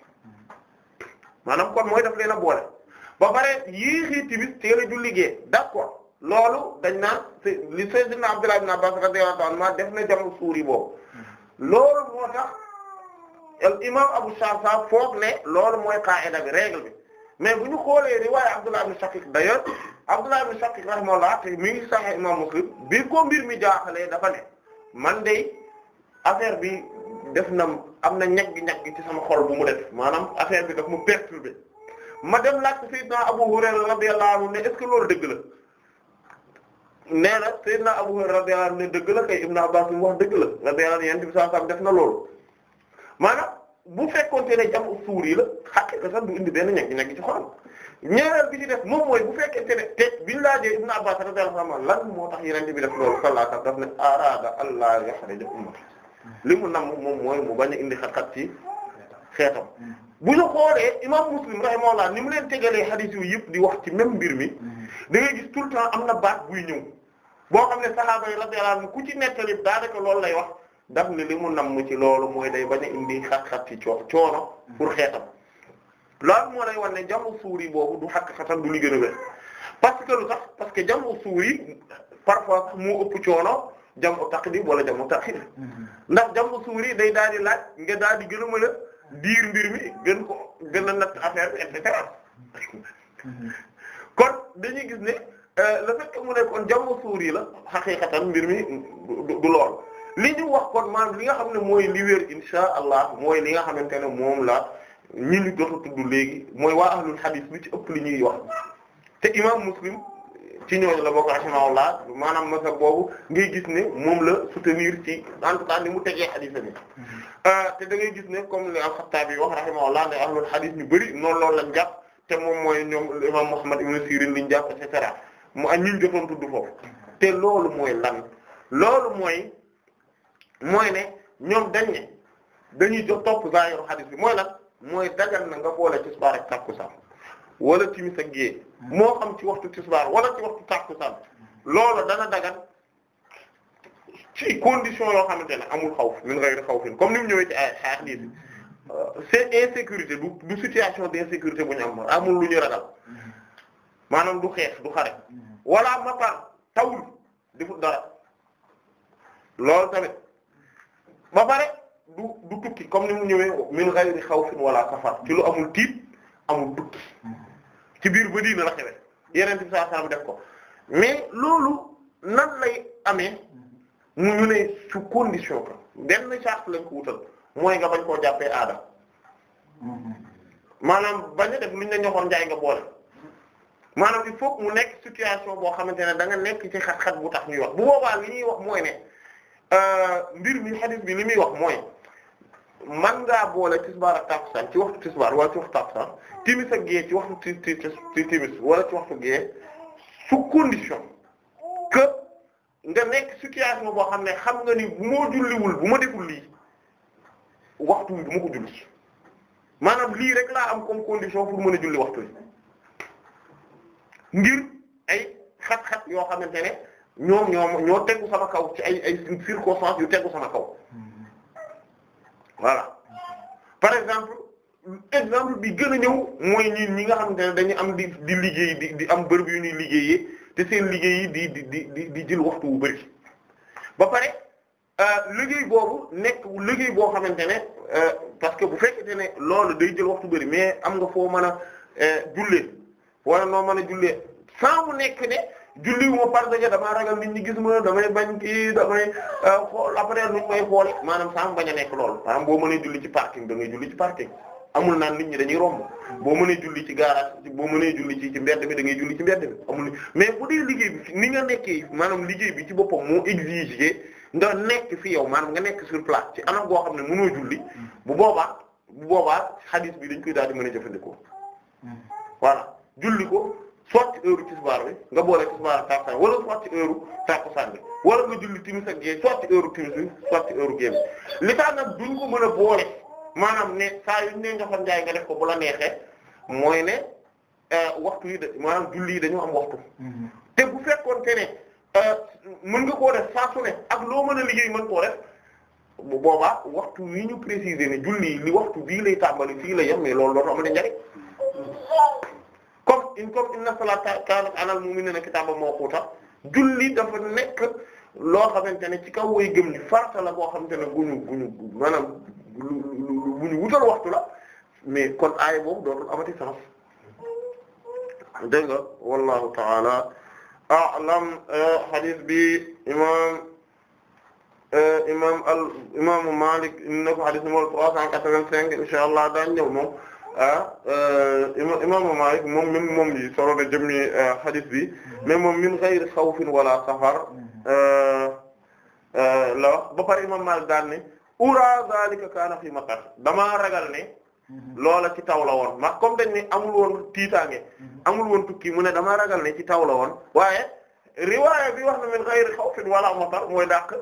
maanaam kon mooy daf leen a boole ba pare yéexi timis teel a julli gee loolu dañ naan li sayyidina Abdullah ibn Abbas radiyallahu maa def na jamu suuri boobu loolu moo tax al imam Abu Sha'tha foog ne loolu mooy qaa'ida bi règle bi mais bu ñu xoolee riwaaya Abdullah ibn Shaqiq d'ailleurs Abdullah ibn Shaqiq rahimahullah te mi ngi Sahih imam Muslim bi ko mbir mi jaaxalee dafa ne man de affaire bi def na am na ñag gi ñag gi ci sama xol bu mu def maanaam affaire bi daf mu perturbé ma dem laaj sayyidina Abu Hurayra radiyallahu la nee na Seydina Abu Hurayra radiyallahu anhu dëgg la kay Ibn Abbas mu wax dëgg la radiyallahu anhu Yonent bi sallallahu alayhi wasallam def na loolu maanaam bu fekkoonte ne jam suur yi la xaqiqa sax du indi benn ñag ñag ci xolam ñaareel bi ci def moom mooy bu fekkente ne te biñ laajee Ibn Abbas radiyallahu anhu lan moo bi def loolu sallallahu alayhi wasallam daf ne araada Allah yahrija li mu nam moom mooy mu bañ a indi xat-xat ci xeetam bu ñu xoolee imam Muslim rahimahullah ni mu leen tegalee hadith yu yëpp di wax ci même mbir mi mm-hmm. da ngay gis tout am na baat buy ñëw boo xam ne sahaaba yi radiyallahu anhum ku ci nettali daanaka loolu lay wax daf ne li mu nam ci loolu mooy day bañ a indi xat-xat ci coo coono pour xeetam loolu moo lay wan ne jamu suuri boobu du xaq-xatan du li gën a wér parce que lu tax parce que jamu suuri parfois mu ëpp coono jamu taqdim wala jamu ta'khir mm-hmm. ndax jamu suuri day daal di laaj nga daal di gën a mën a diir mbir mi gën ko gën a natt affaire bi et cetera mm-hmm. kon dañuy gis ne Euh, le fait mu ne kon jamu suur yi la xaqiiqatan mbir mi du lool li ñu wax kon maanaam li nga xam ne mooy li wér insha allah mooy li nga xamante ne moom la ñi ñu jot léegi mooy waa ahlul hadith bi ci ëpp li ñuy wax te imam muslim ci ñooñu la bokk rahimahullah maanaam mazhab boobu ngay gis ne moom la soutenir ci en tout cas ni mu tegee hadith bi euh, te da ngay gis ne comme li al-Khattabi wax rahimahullah ne ahlul hadith ñu bari noonu loolu la jàpp te moom mooy ñoom imam Muhammad ibn Sirin liñ jàpp et cetera mu ak ñu jotoon tudd foofu te loolu mooy lan loolu mooy mooy ne ñoom dañ ne dañuy jox topp zaahiru hadith bi mooy lan mooy dagal na nga boole tisbaar ak takkusaan wala timis ak gée moo xam ci waxtu tisbaar wala ci waxtu takkusaan loolu dana dagal ci condition yoo xamante ne amul xawf min ghayri xawfin comme ni mu ñëwee ci ay hadith euh, c'est insécurité du du situation d'insécurité bu ñu am amul lu ñu ragal maanaam du xeex du xare wala mata tawul deful dara loolu tamit ba pare du du tukki comme ni mu ñëwee min ghayri xawfin wala safar ci lu amul tiit amul tukki ci biir ba diina la xewe yeneen bi saa saa def ko mais loolu nan lay amee mu ñu ne su condition ka benn charte lañ ko wutal mooy nga bañ koo jàppee aada mm-hmm. maanaam bañ a def lu ñu la ñoxoon njaay nga boole maanaam il faut mu nekk situation boo xamante ne da nga ci xat-xat bu tax ñuy wax bu boobaa li ñuy wax mooy ne euh, mbir mi hadith bi li muy wax mooy man ngaa boole tisbaar ak takusaan ci waxtu tisbaar wala ci waxtu takusaan timis ak gée ci waxtu ti ti ti wala ci waxtu gée sous condition que nga nekk situation boo xam ne xam nga ni bu moo julliwul bu ma deful lii waxtu bi du ma ko julli maanaam lii rek laa am comme condition pour mën a julli waxtu bi ngir ay xat-xat yoo xamante ne ñoom ñoom ñoo tegu sama kaw ci ay ay circonstances yu tegu sama kaw voilà par exemple exemple bi gën a ñëw mooy ñi ñi nga xamante ne dañu am di di liggéey di di am bërëb yu ñuy liggéeyee te seen liggéey yi di di di di di jël waxtu wu bëri ba pare euh, liggéey boobu nekk liggéey boo xamante ne euh, parce que bu fekkente ne loolu day jël waxtu bëri mais am nga foo mën a euh, jullee wala noo mën a jullee sans mu nekk ne julliwuma parce que damaa ragal nit ñi gis ma damay bañ kii damay euh, xool après nuñ may xoole maanaam sans mu bañ a nekk lool maanaam boo mënee julli ci parking da ngay julli ci parking amul naan nit ñi dañuy romb boo mënee julli ci garage boo mënee julli ci ci mbedd mi da ngay julli ci mbedd mi amul mais bu dee liggéey bi ni nga nekkee maanaam liggéey bi ci boppam moo exigé nga nekk fi yow maanaam nga nekk sur place ci anam goo xam ne mënoo julli hmm. bu boobaa bu boobaa hadith bi dañ koy daal di mën a jëfandikoo hmm. voilà julli ko soit ci heure tisbaar bi nga boole tisbaar tàkkusaan wala soit ci heure tàkkusaan wala nga julli timis ak gée soit ci heure timis bi soit ci heure gée bi li tax nag duñ ko mën a boole maanaam ne saa yu ne Ndiakhate Ndiaye nga def ko bu la neexee mooy ne euh, waxtu yi de maanaam julli yi dañoo am waxtu. Mm-hmm. te bu fekkoon te ne euh, mën nga koo def saa su ak loo mën a liggéey mën koo def. bu boobaa waxtu yi ñu préciser ne julli li waxtu bii lay tàmbali fii la yem mais loolu dootu am njariñ comme in comme inna salata kanat alal mu'minina kitaban mawquta julli dafa nekk loo xamante ne ci kaw woy gëm ni boo xamante ne guñu guñu maanaam lu ñu wutal mais kon aaya boobu dootul amati sax dégg nga wallahu ta'ala a'lam hadith bi imam imam al imam Malik inna ko hadith numéro 385 inshallah daañu ñëw moom ah euh, ma Maalik moom même moom li solo na jëmmi hadith euh, bi mhm. mais moom min ghayri xawfin wala safar mhm. euh, la wax ba pare imaam Maalik daan ne ura zalika kaana fi matar damaa ragal ne mhm. loola ci taw la woon ma comme dañ ne amul woon tiitaange amul woon tukki mu ne damaa ragal ne ci taw la woon waaye riwaaya bi wax na min ghayri xawfin wala matar mooy dàq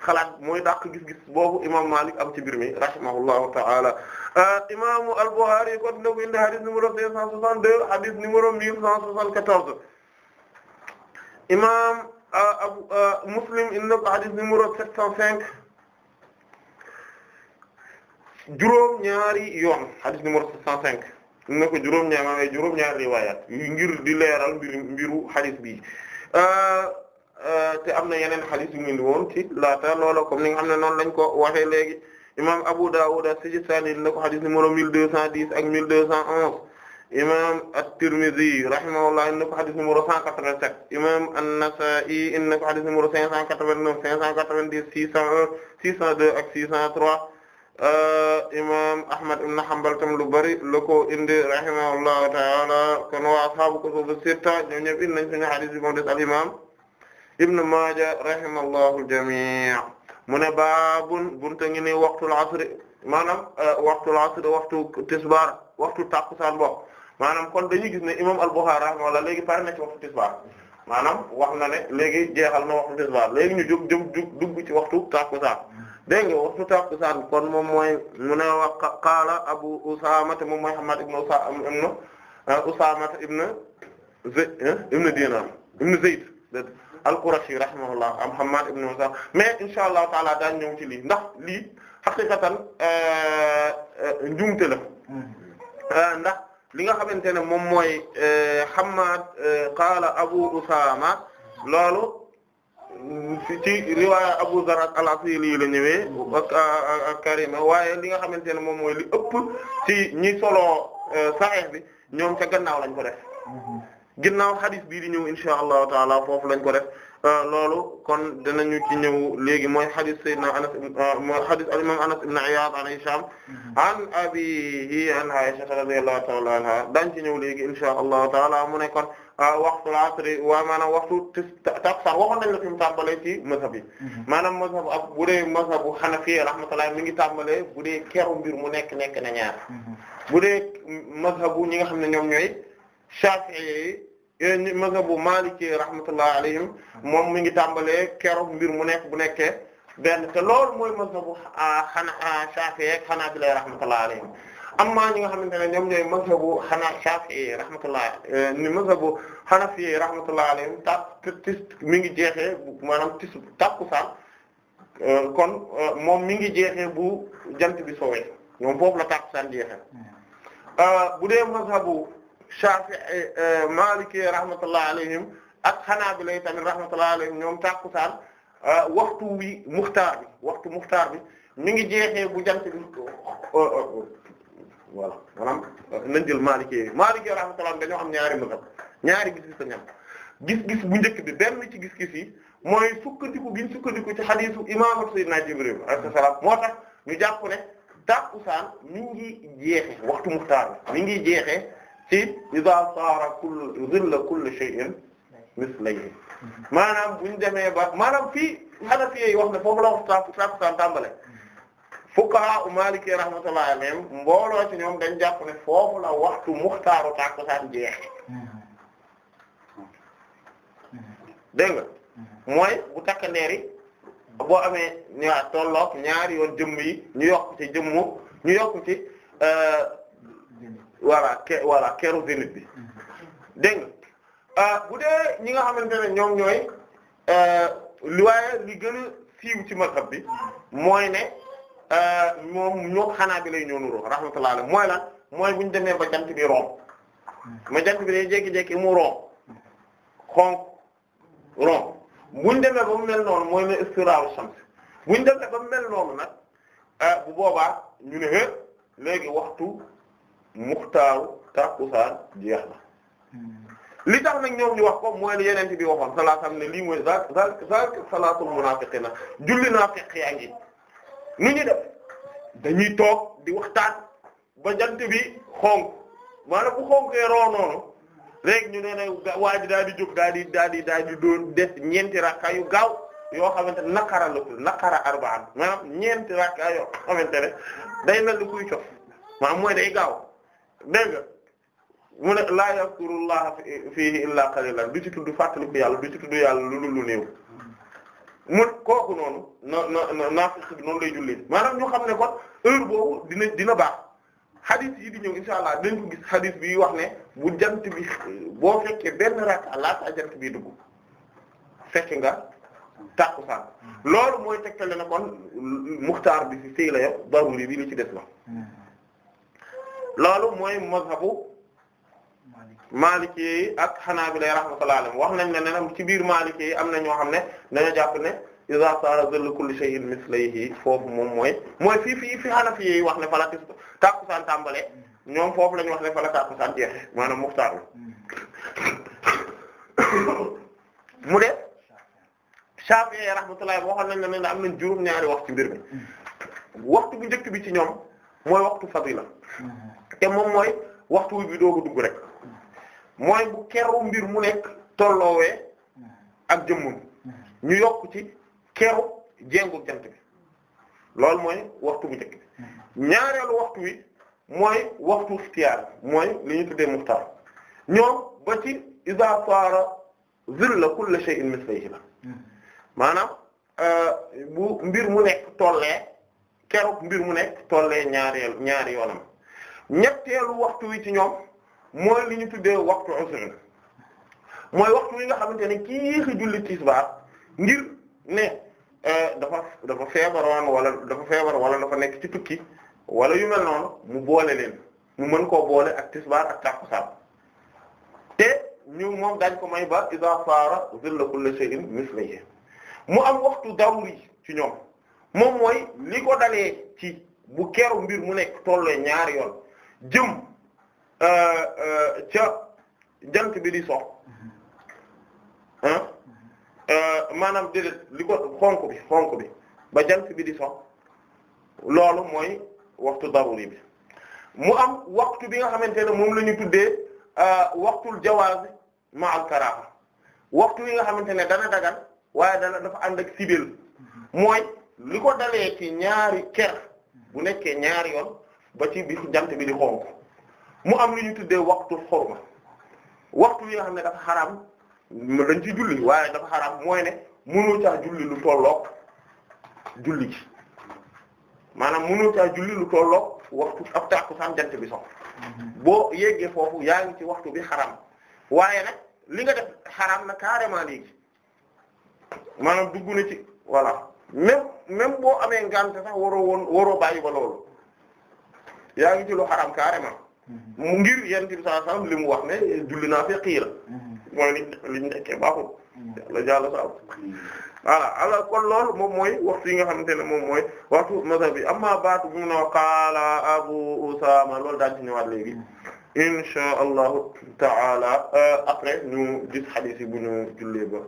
xalaat mooy dàq gis-gis boobu imam Malik am ci mbir mi rahimahullahu ta'ala euh, imaamu al-Bukhari kon na ko indi hadith numéro 562 hadith numéro 1174 imam euh, abu euh, Muslim indi ko hadith numéro juróom ñaari yoon hadith numéro juróom ñaari juróom ñaari ngir di leeral mbiru hadith bi Euh, te am na yeneen xadis yu ñu woon ci loola comme ni nga xam ne noonu lañ ko waxee léegi imam Abu Dawud as-Sijistani indi na ko xadis numéro 1210 ak 1211 imam at-Tirmidhi rahimahullah indi na ko xadis numéro 187 imam an-Nasa'i indi na ko xadis numéro 589 590 601 602 ak 603 euh, imam Ahmad ibn Hanbal tam lu bari la ko indi rahimahullahu ta'ala kon waa ashaabu kutubu sitta ñoom ñëpp indi nañ suñu xadis bi moom des ibn Maaja rahimaallahu jamii mu ne baabun bunta ngi ni waxtul asri maanaam euh, waxtul asri waxtu tisbaar waxtu tàkkusaan bokk maanaam kon dañuy gis ne imam al-Bukhari rahimahullah léegi pare na ci waxtu tisbaar maanaam wax na ne léegi jeexal na waxtu tisbaar léegi ñu jóg dugg ci waxtu tàkkusaan dégg nga waxtu tàkkusaan kon moom mooy mu ne wax qaala Abu Usaama te moom mooy Muhammad ibn Usaama ibn euh, Usaama ibn Zayd ibn al-Qurashi rahimahullah am Hammad ibn Musa mais insha allah taala daañ ñëw ci lii ndax lii xaqiqatan euh, euh, njumte la mm-hmm. euh, ndax li nga xamante ne moom mooy Hammad qaala Abu Usama loolu ci riwaaya Abu Zar al-Asili la ñëwee mm-hmm. ak Karima waaye li nga xamante ne moom mooy li ëpp ci ñi solo Sahih bi ñoom ca gannaaw lañ ko def mm-hmm. ginnaaw hadith bii di ñëw insha allahu taala foofu lañ ko def euh, loolu kon danañu ci ñëw léegi mooy hadith sayyidina Anas mooy hadith al-imam Anas ibn euh, Iyad mm-hmm. an Hisham an abihi an Aisha radiyallahu taala anha dañ ci ñëw léegi insha allahu taala mu ne kon euh, waxtu asri waaye maanaam waxtu takkusaan waxoon nañ la fi mu tàmbalee ci mazhab yi mm-hmm. maanaam mazhab ak bu dee mazhabu Hanafi rahmatullah mi ngi tàmbalee bu dee keru mbir mu nekk nekk na ñaar mm-hmm. bu dee mazhabu ñi nga xam ne ñoom ñooy Shafi'i yi eh, mazhabu Maliki rahmatullahi alayhim moom mi ngi tàmbalee keroog mbir mu nekk bu nekkee benn te loolu mooy mazhabu ah, xanaa ah, Shafi'i ak Hanabila rahmatullahi alayhim amma ñi nga xamante ne ñoom ñooy mazhabu xana Shafi'i rahmatullah eh, ni mazhabu Hanafi rahmatullah alayhim mi ngi jeexee maanaam tis eh, kon moom mi ngi jeexee bu jant bi soowee ñoom foofu la tàkkusaan jeexee bu dee mazhabu Shafi'i eh, eh, Maliki rahmatullah alayhim ak Hanabila tamit rahmatullah alayhim ñoom tàkkusaan eh, waxtu wi muxtaar bi waxtu muxtaar bi ñu ngi jeexee bu jant bi oh, oh, oh, voilà maanaam nañ jël Maliki Maliki rahmatullah dañoo am ñaari mazhab ñaari gis-gis a ñam gis-gis bu njëkk bi benn ci gis-gis yi mooy sukkandiku giñ sukkandiku ci hadiisu imaamu Sayyidina Jibril alayhi moo tax ñu jàpp ne tàkkusaan jeexe waxtu muxtaar bi mi ngi jeexee ci iza saara kullu zilla i shay'in mislayhi maanaam buñ demee ba maanaam fii Hanafi yi wax ne foofu la wax taku takusaan u Maliki rahmatullahi alayhim mbooloo ci ñoom dañ jàpp ne foofu la waxtu muxtaaru takusaan jeexe dégg nga mooy bu takkandeer yi boo amee ñaa tolloog ñaari yoon jëmm yi ñu yokk ci jëmmu ñu yokk ci euh, voilà ke voilà keeru zénith bi mm-hmm. dégg nga euh, bu dee ñi nga xamante ne ñoom ñooy euh, li waaye li gën siiw ci mazhab bi mooy ne moom euh, ñoo xanaa bi lay ñoo nuroo rahmatullah alayhi mooy lan mooy bu ñu demee ba jant bi romb mm-hmm. ma jant bi day jékki-jékki mu romb xonk romb bu demee ba mu mel noonu mooy ne istiraaru shams bu ñu demee ba mu mel noonu nag bu boobaa ñu ne léegi waxtu muxtaaru tàkkusaan jeex na hmm. li tax nag ñoom ñu wax ko mooy li yeneen bi waxoon salaatam ne lii mooy zaak zaak zaak salaatul munaafiqiina julli naafiq yaa ngi nu ñu def dañuy toog di waxtaan ba jant bi xonk maanaam bu xonkee roo noonu léegi ñu ne ne waa ji daal di jóg daal di daal di daal di doon des ñeenti rakka yu gaaw yoo xamante ne naqara naqara arba'an maanaam ñeenti rakka yoo xamante ne day mel kuy cof maanaam mooy day gaaw. dégg nga mu ne laa yazkurullaha fiihi illaa qalilan du ci tudd fàttaliku yàlla du ci tudd yàlla lu lu lu néew mu kooku noonu na na naafiq bi noonu lay julli maanaam ñu xam ne kon heure boobu dina dina baax hadith yi di ñëw insha allah dañ gis hadith bi wax ne bu jant bi boo fekkee benn rakka laata jant bi dugg fekk nga tàkkusaan hmm. loolu mooy tegtale na kon muxtaar bi ci sëy la yow daruri bi li ci des la hmm. loolu mooy mazhabu Maliki yi ak Hanabila rahmatullahi alayhim wax nañ ne ne ci biir Maliki am na ñoo xam ne dañoo jàpp ne a sara zillu kulli shay'in mislihi foofu moom mooy mooy fii fii fi Hanafi yi wax ne fa la tàkkusaan tàmbale ñoom foofu la ñu wax ne fa la tàkkusaan jeex maanaam muxtaar mu def Shafi'i rahmatullahi waxoon nañ ne ne am nañ juróom-ñaari wax ci mbir mi waxtu bu njëkk bi ci ñoom mooy waxtu fadila la te moom mooy waxtu bi doo ko dugg rek mooy bu keru mbir mu nekk tolloowee ak jëmmum ñu yokk ci keru jengu jant bi loolu mooy waxtu bu njëkk ñaareelu waxtu wi mooy waxtu ixtiyaar mooy li ñu tuddee muxtaar ñoom ba ci isa saara zilla kulli shay'in mislayhi la maanaam euh, bu mbir mu nekk tollee keroog mbir mu nekk tollee ñaareel ñaari yoonam ñetteelu waxtu wi ci ñoom mooy li ñu tuddee waxtu usr mooy waxtu wi nga xamante ne kii yéexi julli tisbaar ngir ne euh, dafa dafa feebaroon wala dafa feebar wala dafa nekk ci tukki wala yu mel noonu mu boole leen mu mën koo boole ak tisbaar ak tàkkusaan te ñu moom dañ ko may ba ida saara zilla kulli shay'in mislihi mu am waxtu dawri ci ñoom moom mooy li ko dalee ci bu keru mbir mu nekk tollee ñaari yoon jëm euh, euh, ca jant bi di sox mm-hmm. euh, maanaam déedéet li ko xonk bi xonk bi ba jant bi di sox loolu mooy waxtu daruri bi mu am waxtu bi nga xamante ne moom la ñu tuddee waxtul jawaaz ma al karaaha waxtu yi nga xamante ne dana dagal waaye dana dafa ànd ak sibeel mm-hmm. mooy li ko dalee ci ñaari ker bu nekkee ñaari yoon ba ci bi jant bi di xonk mu am lu ñu tuddee waxtu xorma waxtu yi nga xam ne dafa xaraam dañ ci julli waaye dafa xaram mooy ne mënoo caa julli lu tolloog julli ji maanaam mënoo caa julli lu tolloog waxtu ab tàkkusaan jant bi sox mm-hmm. boo yeggee foofu yaa ngi ci waxtu bi xaram waaye nag li nga def xaraam na carrément léegi maanaam dugg na ci voilà même même boo amee ngante sax waroo woon waroo bàyyi ba loolu yaa ngi ci lu xaram limu mhm. mu ngir yent bi sallallahu alayhi wasallam li mu wax ne julli naa fi xiira mhm. mooy li liñ nekkee baaxul mhm. yàlla jàlla sa voilà ala kon loolu moom mooy waxtu yi nga xamante ne moom mooy waxtu mazhab bi amma baatu bi mu ne qaala abu usama loolu daan ci ñëwaat léegi insha allahu taala euh, après ñu gis hadith yi bu ñu jullee ba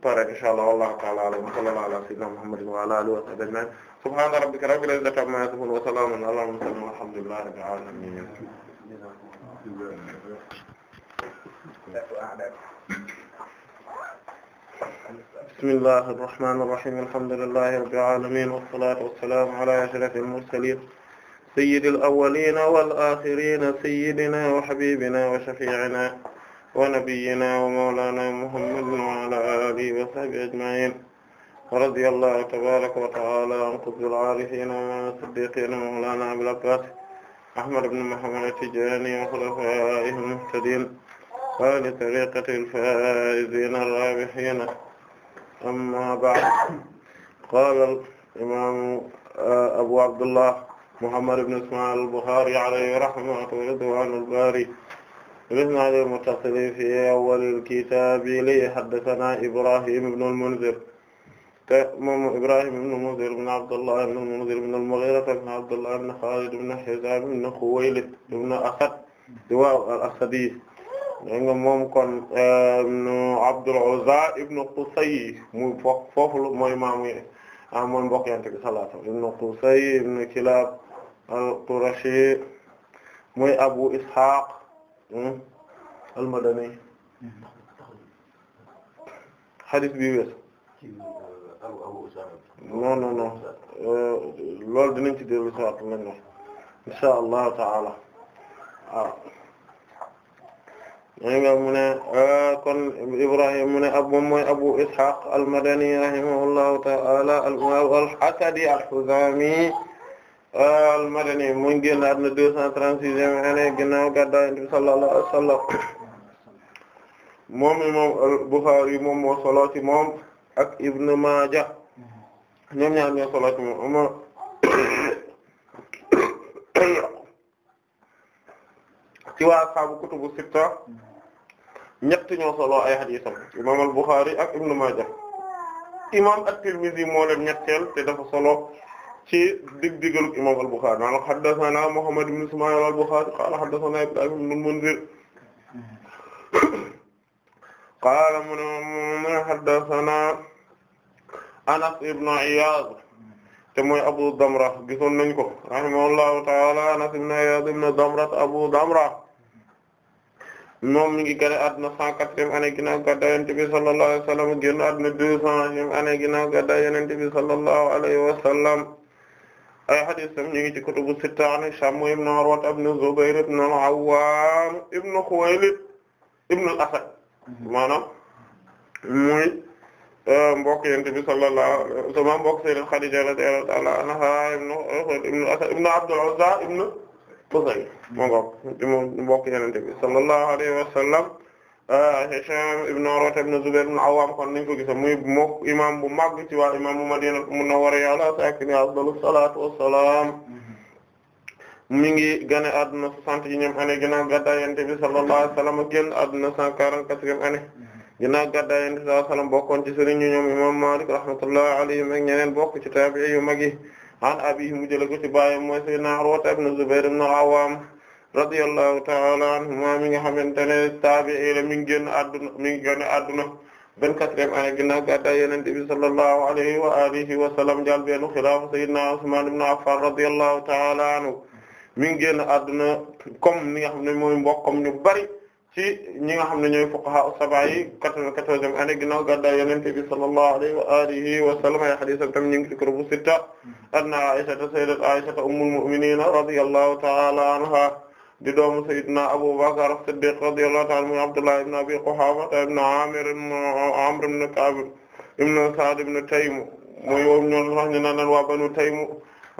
pare insha allah wallahu taala alam wa sallallahu ala sayyidina muhammadin wa ala alihi wa sahbihi subhaana rabbika rabbil izzati amma yasifuun wa salaamun alal mursaliin walhamdulillahi rabbil aalamiin bismillahir rahmaanir rahiim alhamdulillahi rabbil aalamiin wassalaatu wassalaamu alaa ashrafil mursaliin sayyidil awwaliina wal aaxiriina sayyidinaa wa habiibinaa wa shafii'inaa wa nabiyyinaa wa mawlaanaa muhammadin wa alaa aalihi wa sahbihi ajma'iin radiyallahu tabaraka wa ta'ala an qutbil arifin wa siddiqin mawlana abil abbas ahmad ibn muhammad at-tijani wa khulafaihi al-muhtadin wa li tariqati al-faizin ar-rabihin amma ba'd qala al-imam uh, abu abdullah muhammad ibn isma'il al-bukhari alayhi rahmatu wa ridwan al-bari بإسناد المتصل في أول الكتاب لي حدثنا إبراهيم بن المنذر te moom Ibrahim ibn al-Mundhir ibn Abdullah ibn al-Mundhir ibn al-Mughira ibn Abdullah ibn Khalid ibn Hizam ibn Khuwaylid ibn Asad waaw al-Asadi dégg nga moom kon ibn Abdul Uzza ibn Qusay mu foofu mooy maamu ah mooy mbokk yante bi salaatu ibn Qusay ibn Kilab al-Qurashi mooy Abu Ishaq hmm, al-Madani hadith mm-hmm. bi wees non non non euh, loolu dinañ ci dellu saat nañ wax insha taala ah. mu ne euh, mooy abu ishaq almadani rahimahullahu taala al-asadi al-huzami euh, almadani mu ngi génn àdduna deux cent trente-sixième année ginnaaw gàddaay Yonent bi sallallahu alayhi wa sallam moom ak Ibn Maaja ñoom ñaar ñoo solo ci moom ci waa ashaabu kutubu sitta ñett ñoo solo ay hadiisam imaam al-Bukhari ak Ibn Maaja imaam at-Tirmidhi moo leen ñetteel te dafa solo ci dig-digalu imaam al-Bukhari naan haddathana Muhammad ibn Isma'il al-Bukhari qala haddathana Ibrahim ibn al-Munzir qaala mu ne mu haddathana Anas ibn Iyad te mooy Abu Damra gisoon nañ ko rahimahullahu ta'ala Anas ibn Iyad ibn Damra Abu Damra moom mi ngi génn àdduna cent quatrième année ginnaaw gàddaay Yonent bi sallallahu alayhi wa sallam génn àdduna sallallahu alayhi wa sallam ay hadiisam ñu ngi ci kutubu sitta an ibn Urwa ibn Zubayr ibn al-Awwaam ibn Khuwaylid ibn al-Asad maanaam muy euh, mbokk yonent bi sallallahu alayhi wa sallam mbokk Sayyidat Khadija radiyallahu ta'ala anha ibnu Asad ibnu Abdul Uzza ibnu Qusay moo ngoog mbokk yonent bi sallallahu alayhi wa sallam euh, Hisham ibn Urwa ibn Zubayr ibn Awwam kon niñ ko gisa muy mokk imam bu mag ci waa imam bu Madina munawwara ala saakinihaa afdalu salaatu wassalaam mi ngi gane adduna soixante yi ñoom année ginnaaw gaddaa yonent bi sallallahu alayhi wa sallam génn adduna cent quarante-quatrième année ginnaaw sallallahu alayhi wa sallam bokkoon ci sëriñ ñoom imam Malik rahmatullahi alayhim ak ñeneen bokk ci taabi'i yu yi mu jële ko ci baayam mooy sayyidina Urwata ibn Zubayr ibn al-Awwam radiyallahu ta'ala anhuma mi nga xamante ne taabi'i la mi ngi génn adduna mi ngi gane adduna vingt-quatrième année ginnaaw gaddaa yonent bi sallallahu alayhi wa alihi wa sallam jàlbeenu xilaafa sayyidina Usman ibn Affan ta'ala anhu mi ngi génn àdduna comme ni nga xam ne mooy mbokkam ñu bari ci ñi nga xam ne ñooy fuqaha as-sab'a yi quatre-vingt-quatorzième année ginnaaw gàddaay yonent bi sallallahu alayhi wa alihi wa sallam ay hadiisam tam ñu ngi ci kutubu sitta anna Aysata sayyidat Aysata ummul mu'minin radiyallahu ta'ala anha di doomu sayyidina Abu Bakr as-Siddiq radiyallahu ta'ala anhu Abdullah ibn Abi Quhafa ibn Amir ibn Amr ibn Ka'b ibn Sa'd ibn Taym mooy ñoom ñoo wax ñu naan waa Banu Taym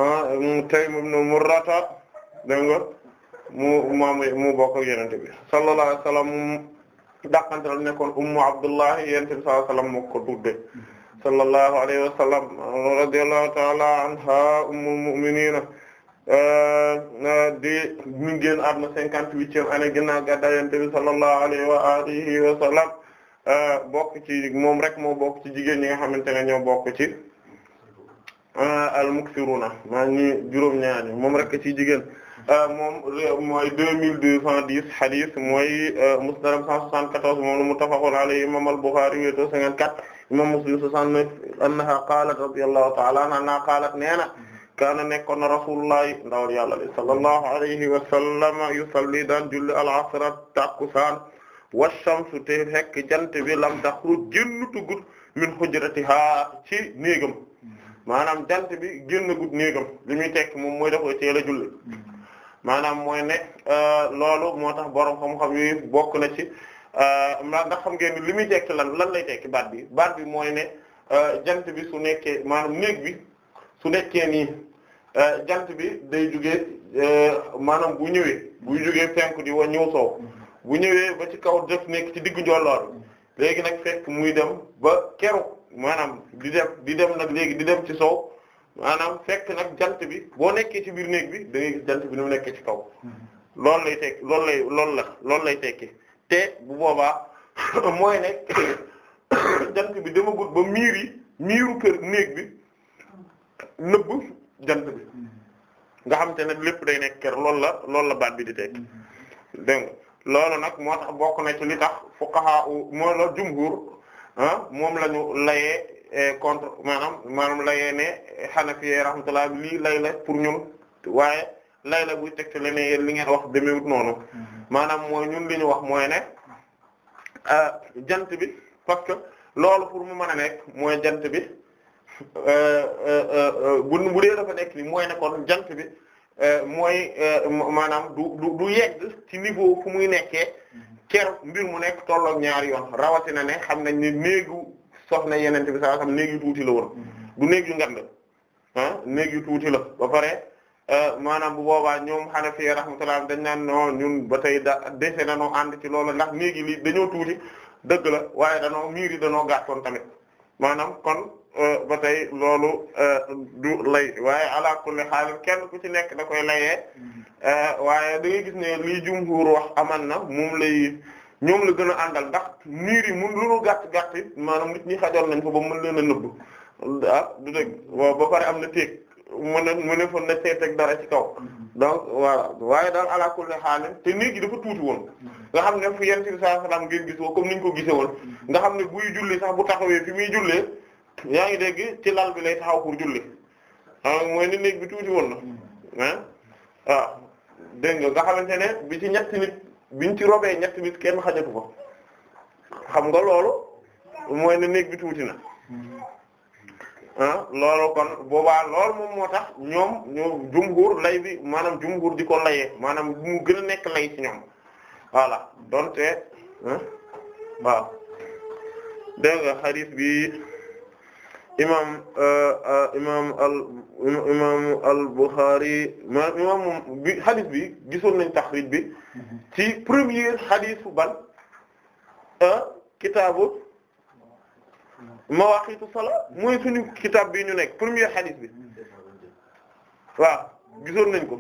ah, Taym ibn Murrata dégg nga mu maam mu bokk ak yenente bi sallallahu alayhi wa sallam dàqantal nekkoon ummu abdullahi yenente bi sallallahu wa sallam moo ko tudde sallallahu alayhi wa sallam radiyallahu ta'ala anha ummul mu'minina euh, euh, di mi ngi génn àdduna cinquante-huitième année ginnaaw gàddaay yenente bi sallallahu alayhi wa alihi wa sallam euh, bokk ci moom rek moo bokk ci jigéen ñi nga xamante ne ñoo bokk ci al muksiruna maa ngi juróom moom rek ci jigéen Euh, moom mooy deux mille deux cent dix hadis mooy euh, musnadam cent soixante-quatorze moom la muttafaqun alayhi imam al-Bukhari wéy deux cinquante-quatre imam Muslim soixante-neuf annaha qalat radiyallahu ta'ala anha qalat neena kaana nekkoon na rasulullahi ndawal yàlla li sallallahu alayhi wa sallam yusalli daan julli al-asra takusaan wa shamsu te fekk jant bi lam taxruj génn tugut min hujratiha ci néegam mm-hmm. maanaam jant bi génn gut néegam li muy tekk moom mooy dafa teel a julli mm-hmm. maanaam mooy ne euh, loolu moo tax borom xam-xam yooyu bokk na ci euh, ndax xam ngeen ni li muy tekki lan lan lay tekki baat bi baat bi mooy ne euh, jant bi su nekkee maanaam néeg bi su nekkee nii jant bi day jugee maanaam bu ñëwee buy jugee fenk di wa ñëw soow bu ñëwee ba ci kaw def nekk ci diggu njolloor léegi nag fekk muy dem ba keru maanaam di dem di dem nag léegi di dem ci sow maanaam fekk nag jant bi boo nekkee ci biir néeg bi da jant bi ni mu nekkee ci kaw loolu lay tekki loolu lay loolu la loolu lay tekki te bu boobaa mooy bi demagul ba miir yi miiru néeg bi nëbb jant bi nga xam ne lépp day nekk kër loolu la loolu la baat bi di tekki loolu nag moo tax bokk na ci li tax fuqaha moo la jumhur ah, moom lañu ñu layee contre maanaam maanaam layee ne Hanafi rahmatullah lii lay la pour ñun waaye lay buy tegte le ne yéen li ngeen wax demeewut noonu mm-hmm. maanaam mooy ñun li ñu wax mooy ne ah, jant bi parce loolu pour mu mën mooy jant bi euh, euh, euh, bu bu dee dafa nekk mooy ne jant bi mooy maanaam du du yegg ci niveau fu muy nekkee mm-hmm. ker mbir mu nekk tolloog ñaar yoon rawatina ne xam ne néegu soxna yenente yeneen sallallahu alayhi wasallam néeg yu tuuti la woon mm-hmm. du néeg yu ngand ah, néeg yu tuuti la ba pare euh, maanaam bu boobaa ñoom Hanafi rahmatullah dañ naan no ba tey da dese na noo ànd ci loolu ndax néegi li dañoo tuuti dëgg la waaye danoo miir yi danoo gàttoon tamit maanaam kon euh, ba tey loolu euh, du lay waaye ala kulli haal kenn ku ci nekk da koy layee mm-hmm. waaye da gis ne lii jumhuur wax aman na moom lay ñoom la gën a àndal ndax niir yi mun lu nu gàtt gàtt maanaam nit ñi xajoon nañ ko ba mën leen a nëbb ah du dëgg waaw ba pare am na téeg mën a mën a fa na seeteg dara ci kaw donc voilà waaye daal ala kulli xaal te néeg yi dafa tuuti woon nga xam ne fu yent bi sallallahu alayhi wasallam ngeen gis woo comme niñ ko gisee woon nga xam ne buy julli sax bu taxawee fi muy jullee yaa ngi dégg ci lal bi lay taxaw pour julli ah, mooy ni néeg bi tuuti woon na ah waaw ah, nga nga xamante ne bi ci ñetti nit biñ ci robee ñett nit kenn xajatu ko xam nga loolu mooy na néeg bi tuuti na ah loolu kon boobaa loolu moom moo tax ñoom ñoom jumhur lay bi maanaam jumhur di ko layee maanaam mu gën a nekk lay ci ñoom voilà donte ah, waaw dégg nga hadith imam uh, uh, imam al imam al Bukhari imam bi hadith bi gisoon nañ taxrij bi mhm. ci premier hadithu ban uh, kitaabu mawaqitu sala mooy suñu kitaab bi ñu nekk premier hadith bi waaw gisoon nañ ko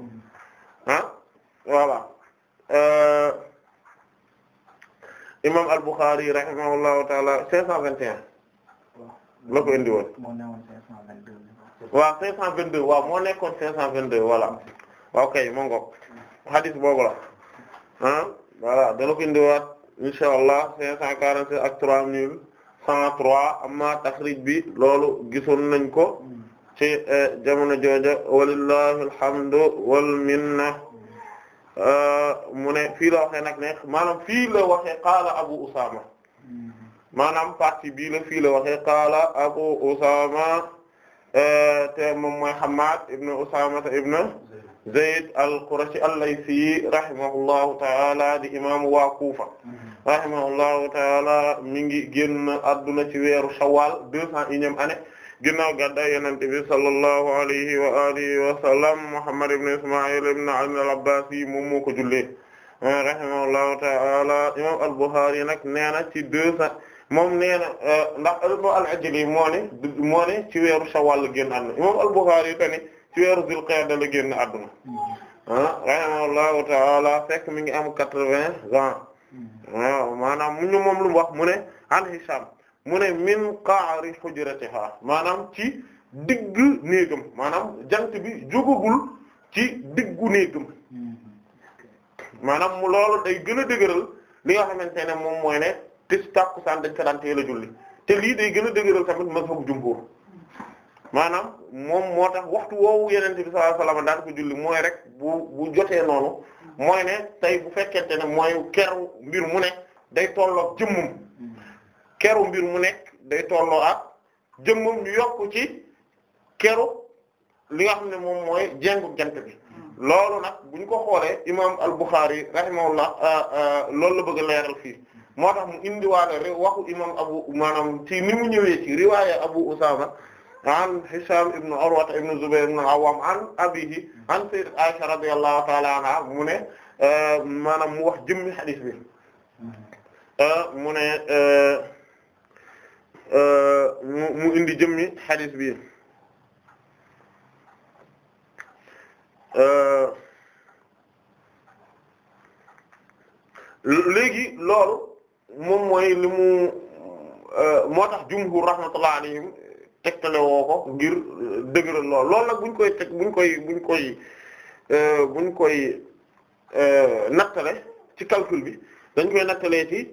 voilà mhm. ah, imam al Bukhari rahimahullahu taala 521 la ko indi woon. moo newoon 522. waaw 522 waaw moo nekkoon 522 voilà waaw kay moo ngoog hadith boobu la ah voilà dala ko indiwaat incha allah 546 ak 3103 amma taxrij bi loolu gisoon nañ ko ci eh, jamono jooja walillahi alhamdu wal eh, mu ne fii la waxee nag ne maanaam fii la waxee qaala Abu Usama. Hmm. maanaam partie bii la fii waxee qaala abu usama te moom mooy hamad ibn ibn zayd al-qurashi al-laythi rahimahullahu taala di imam waa kuufa taala mi ngi génn adduna ci weeru shawwal deux cent unième année ginnaaw gàddaay yonent sallallahu alayhi wa alihi muhammad ibn isma'il ibn al-abbasi moom jullee rahimahullahu taala imam al-bukhari nag nee ci deux moom nee na euh, ndax al-Ajli moo ne moo ne ci weeru Shawwal la génn àdduna imam al-Bukhari yu ci weeru Zulqa'da la génn àdduna mm-hmm. ah, rahimahullahu ta'ala fekk mi ngi am quatre-vingts ans mm-hmm. ah, maanaam mu ñu moom lu mu wax mu ne an Hisham mu ne min qa'ri hujratiha maanaam ci digg néegam maanaam jant bi jógagul ci diggu néegam mm-hmm. maanaam mu loolu day gën a dëgëral li nga xamante ne moom mooy ne tis saan dañ ko daan teel a julli te lii day gën a dëgëral tamit mazhabu jumhur maanaam moom moo tax waxtu woowu yenente bi sallallahu alayhi wasallam daan ko julli mooy rek bu bu jotee noonu mooy ne tey bu fekkente ne mooy keru mbir mu nekk day tolloo ak keru mbir mu nekk day tolloo ak jëmmum ñu yokk ci keru li nga xam ne moom mooy jengu jant bi loolu nag bu ñu ko xoolee imam al-Bukhari rahimahullah euh, euh, loolu la bëgg a leeral fii moo tax mu indiwaale rek waxu imam abu maanaam ci ni mu ñëwee ci riwaaya abu usama an hisham ibn urwa ibn zubayr ibn al-awwam an abihi an radiyallahu ta'ala anha mu ne euh, maanaam mu wax jëmmi hadith bi euh, mu ne euh, mu indi jëmmi hadith bi léegi loolu moom mooy li mu euh, moo tax jumhur rahmatullah alayhim tegtale woo ko ngir euh, dëgëral lool loolu nag buñ koy teg buñ koy buñ koy euh, buñ koy nattale ci calcul bi dañ koy nattalee ci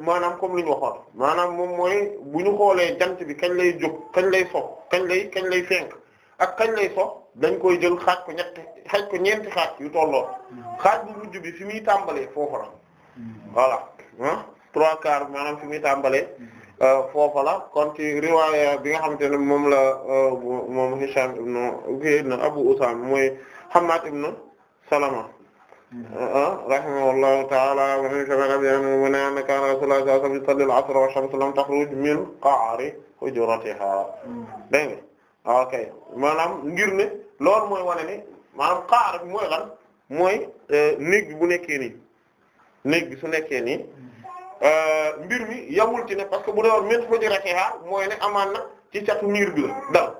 maanaam comme li ñu waxoon maanaam moom mooy bu ñu xoolee jant bi kañ lay jóg kañ lay sox kañ lay kañ lay fenk ak kañ lay sox dañ koy jël xaaj ko ñetti xaaj ko ñeenti xaaj yu tolloo mm-hmm. xaaj bu mujj bi fi muy tàmbalee foofu la mm-hmm. voilà ah trois quarts maanaam fi muy tàmbalee mm-hmm. euh, foofa la kon ci riwaaya bi nga xamante ne moom la euh, moom Hisham ibn Abu Usama mooy Hammad ibn Salama mm-hmm. ah, ah, rahimahullahu ta'ala wa mu ne kaana Rasulullah sallallahu alayhi wa sallam yusalli al-'asr wa shamsu lam takhruj min qa'ri hujratiha mm-hmm. dégg nga ah, ok maanaam ngir ne loolu mooy wane ni maanaam qaar mooy lan mooy euh, néeg bu nekkee nii néeg su nekkee nii Euh, mbir mi yamul ci ne parce que bu doon min hujratiha mooy ne amaan na ci catu miir bi la dal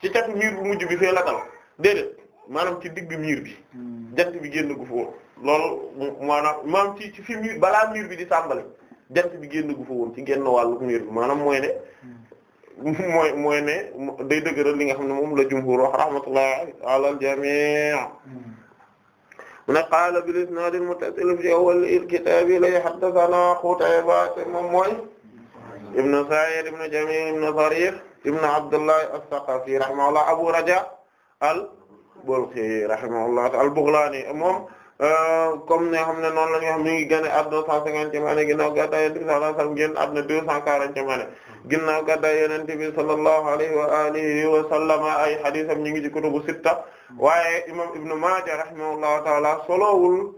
ci catu miir bu mujj bi fee la dal déedéet maanaam ci digg miir bi hmm. jant bi génn gu fa woon loolu maanaam ci ci fi miir balaa miir bi di sàmbale jant bi génn gu fa ci génn wàllu miir bi maanaam mooy ne hmm. mooy mooy ne day dëgëral li nga xam ne moom la jumhur wax rahmatullah ala al mu ne qaala bil isnaadil muttasil fi awwalil kitaab ilay haddathanaa Qutayba moom mooy ibn Sa'iid ibn Jamiil ibn Sariif ibn Abdullah as-Saqafi rahimahullah Abu Raja' al-Balkhi rahimahullah al-Baghlani moom comme ne xam ne noonu la nga xam ne mi ngi génn àdduna cent cinquantième année ginnaaw gàddaay Yonent bi sallallahu alayhi wa sallam génn àdduna ay hadiisam ñu ngi ci kutubu sitta waaye imam Ibn Maaja rahimahullahu taala solowul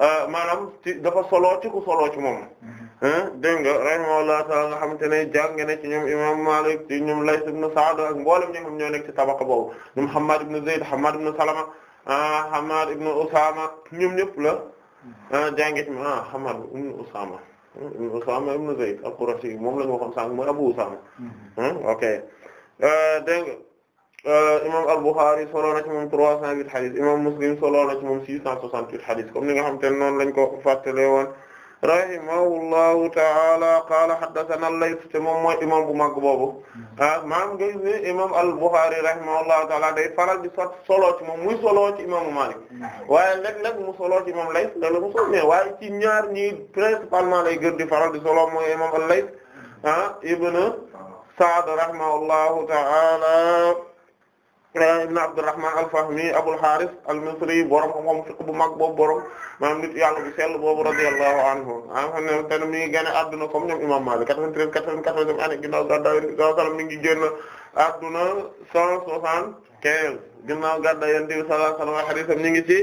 euh, maanaam ci dafa solo ci ku solo ci moom mm-hmm. dégg nga rahimahullahu taala nga xamante ne jàng na ci ñoom imam Maalik ci ñoom Layth ibn Sa'd ak mboolem ñi xam ñoo nekk ci tabaqa boobu ñoom Hammaad ibn Zayd Hammaad ibn Salama ah, Hammaad ibn Usaama ñoom ñëpp la mm-hmm. ah, jànge ci moom ah Hammaad ibn Usaama ibn Usaama al-Qurashi moom la ñu waxoon sànq mooy Abu Usaama mm-hmm. ok euh, dégg Euh, imam al-Bukhari solo na ci moom 308 xadis imam Muslim solo na ci moom 668 xadis comme ni nga xamante ne noonu lañ ko fàttale woon rahimahullahu ta'ala qaala haddathana al-Layth te moom mooy imam bu mag boobu hmm. ah maam gis ne imam al-Bukhari rahimahullahu ta'ala day faral di sot solo ci moom muy solo ci imaamu Malik hmm. waaye léeg-léeg mu solo ci imam Layth léeg-léeg mu solo mais waaye ci ñaar ñi principalement lay gën di faral di solo mooy imam al-Layth ah ibn Sa'd rahimahullahu ta'ala ibn Abdurrahman al-Fahmi Abul Harith al-Misri borom xam-xam fiqh bu mag boobu borom maanaam nit yàlla bu sell boobu radiyallahu anhu am xam ne ten mi ngi génn adduna comme ñoom imam Malik 93 94 année ginnaaw gàddaay sallallahu alayhi wa sallam mi ngi génn adduna 175 ginnaaw gàddaay Yonent bi sallallahu alayhi wa sallam hadith am ñu ngi ci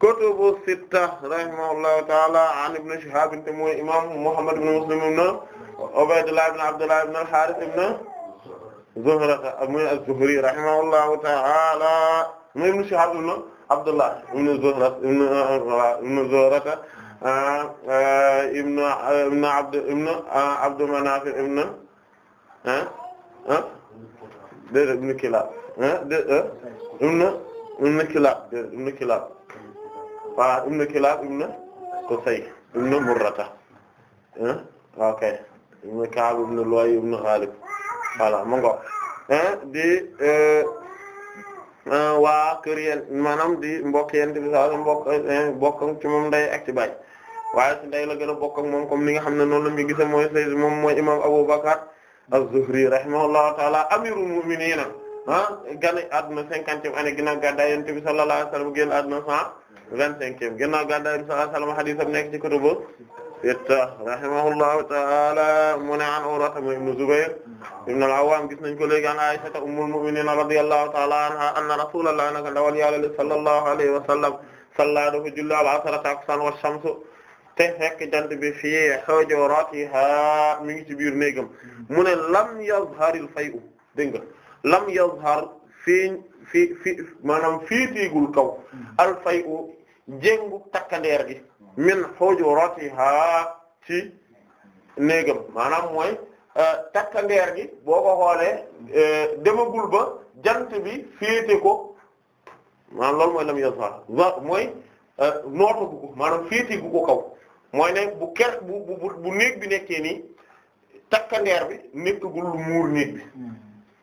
kutubu sitta rahimahullahu ta'ala an ibn Shihab te mooy imam Muhammad ibn Muslim ibn Ubaydullah ibn Abdullah ibn al-Harith ibn Zuhrata muy az-Zuhri rahimahullahu ta'ala muy ibn Shihab ibn Abdullah ibn Zuhrata ibn Zuhrata ibn ah, ah, ibn Abd ibn ah, Abd Manaf ibn ah ah déedéet ibn Kilab ah déedéet ibn ibn Kilab déedéet ibn Kilab waaw ibn Kilab ibn Qusay ibn Murrata ah ok ibn Ka'b ibn Lu'ay ibn Ghalib voilà mu ngo di euh, euh, waa kër yeen maanaam di mbokk yen di sa mbokk mbokk euh, ci moom nday ak ci baay waaye ci nday la gën a bokk moom comme ni nga xam ne noonu la ñu gise mooy sayyid moom mooy imam Abu Bakar az-Zuhri rahimahullahu taala amirul mu'minin ah gane àdduna cinquantième année ginnaaw gàddaay Yonent bi sallallahu alayhi wasallam génn àdduna cent vingt-cinquième ginnaaw gàddaay Yonent bi sallallahu alayhi wasallam hadith am nekk ci kutubu sitta rahimahullahu ta'ala mu ne an Urwata ibn Zubayr ibn al-Awwam gis nañ ko léegi an Aisha ummul mu'minin radiyallahu ta'ala anha anna rasulullah naka ndawal yàlla sallallahu alayhi wa sallam salla dafa julli al-asra takkusaan wa shamsu te fekk jant bi fii hujuratiha mi ngi ci biir néegam mu ne lam yazharil fay'u dégg nga lam yazhar fii fi fi maanaam fii tiigul kaw al fay'u njëngu takkandeer gi min hujuratiha ci néegam maanaam mooy euh, takkandeer gi boo ko xoolee euh, demagul ba jant bi féete ko maanaam loolu mooy lam yasar mooy euh, nootu gu ko maanaam féete gu kaw mooy ne bu ker bu bu néeg bi nekkee nii takkandeer bi nekkagul lu muur néeg bi hmm.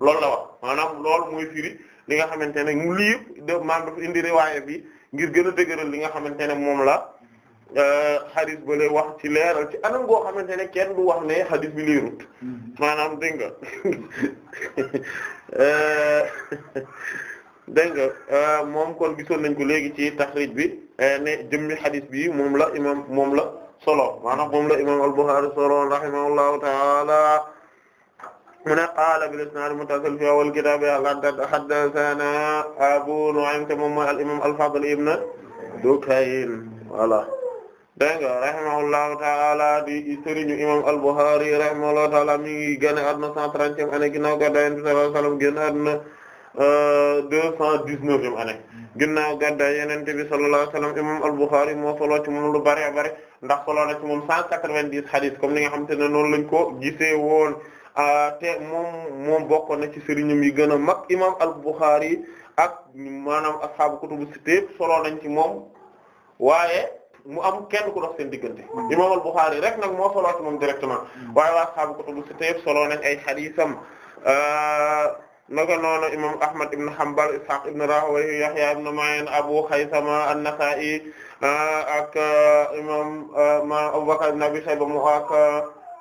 loolu la wax maanaam loolu mooy firi li nga xamante ne mu lii yëpp de maanaam dafa indi riwaaya bi ngir gën a dëgëral li nga xamante ne moom la xadis euh, ba lay wax ci leeral ci anam goo xamante ne kenn du wax ne xadis bi leerut mm-hmm. maanaam dégg nga euh, dégg euh, moom kon gisoon nañ ko léegi ci taxrij bi ne jëmmi xadis bi moom la imam moom la solo maanaam moom la imam al-Bukhari solo rahimahullahu taala mu ne qaala bil mu muttasil fi awwal kitaab haddathanaa Abu Nu'aym te moom mooy al-imaam al-Fadl ibn Dukayn voilà dégg nga rahimahullahu ta'ala di sëriñu imaam al-Bukhari rahimahullahu ta'ala mi ngi génn àdduna 130e année ginnaaw gàddaay bi sallallahu alayhi wa sallam génn àdduna 219 euh, ginnaaw gàddaay Yonent bi sallallahu alayhi wa sallam imaam al-Bukhari moo solo ci moom lu bari bari ndax solo na ci moom 190 hadith comme ni nga xamante ne noonu lañ ko gisee woon. Ah, te moom moom bokkoon na ci sëriñam yi gën a mag imam al-Bukhari ak maanaam ashaabu kutubu sitte solo nañ ci moom waaye mu am kenn ku dox seen diggante hmm. imam al-Bukhari rek nag moo solo ci moom directement hmm. waaye waa ashaabu kutubu solo nañ ay xadiisam ah, naka noonu imam Ahmad ibn Hanbal Ishaq ibn Rahawayh Yahya ibn Ma'in Abu Khaysama an-Nasa'i ah, ak imam ma Abu Bakr ibn Abi Shayba mu ak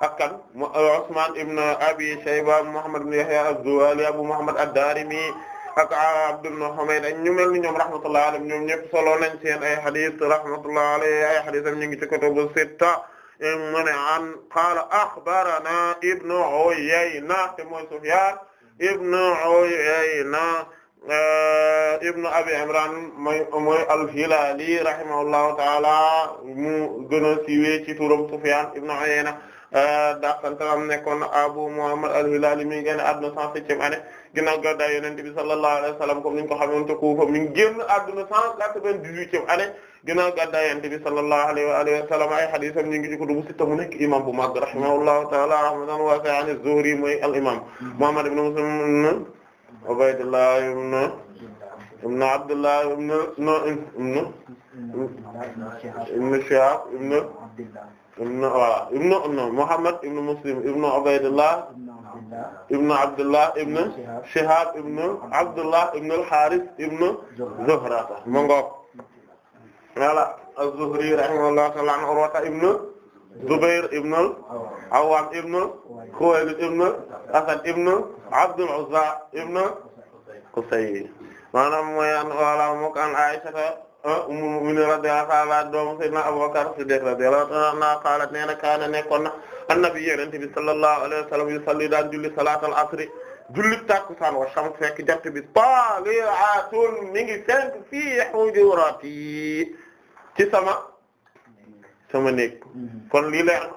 ak kan euh, Usman ibn Abi Shayba Muhammad ibn Yahya az-Zuwali Abu Muhammad ad-Darimi ak Abd ibn Humayd ak ñu mel ni ñoom rahmatullahi alayhim ñoom ñëpp solo nañ seen ay hadith rahmatullahi alayhi ay hadith am ñu ngi ci kutubu sitta mu ne an qaala akhbarana Ibn Uyayna te mooy Sufyan Ibn Uyayna euh, Ibn Abi Imran mooy mooy al-Hilali rahimahullahu ta'ala mu gën a siiwee ci turam Sufyan Ibn Uyayna Euh, daaxtantalam nekkoon Abu Muhammad al-Hilali mi ngi génn àdduna cent septième année ginnaaw gàddaay Yonent bi sallallahu alayhi wa sallam comme niñ ko xamoon te Kufa mi ngi génn àdduna cent quatre-vingt-dix-huitième année ginnaaw gàddaay Yonent sallallahu alayhi wa sallam ay hadiisam ñu ngi ci kutubu sitta mu nekk imam bu mag rahimahullahu ta'ala rahmatan waasi'an az-Zuhri mooy al-imam Muhammad ibn Muslim ibn Ubaydullah ibn ibn Abdullah ibn ibn ibnu voilà ah, ibnu ibnu Muhammad ibnu Muslim ibnu Ubaydullah ibnu Abdullah ibnu Shihab ibnu Abdullah ibnu al-Harith ibnu Zuhrata ma ngoog voilà az-Zuhri rahimahullahu ta'ala an Urwata ibnu Zubair ibnu al-Awwam ibnu Khuwaylid ibnu Asad ibnu Abdul Uzza ibnu Qusay maanaam mooy an wala mok an Aisha ummul mu'minin radiyallahu ta'ala doomu sayyidina Abubakar Siddiq radiyallahu ta'ala anha nee na kaana nekkoon na annabi yenente bi sallallahu alayhi wa sallam yusalli daan julli salaatal asri julli takkusaan wa shams fekk jant bi taali'atun mi ngi fii hujurati ci sama sama néeg kon lii leer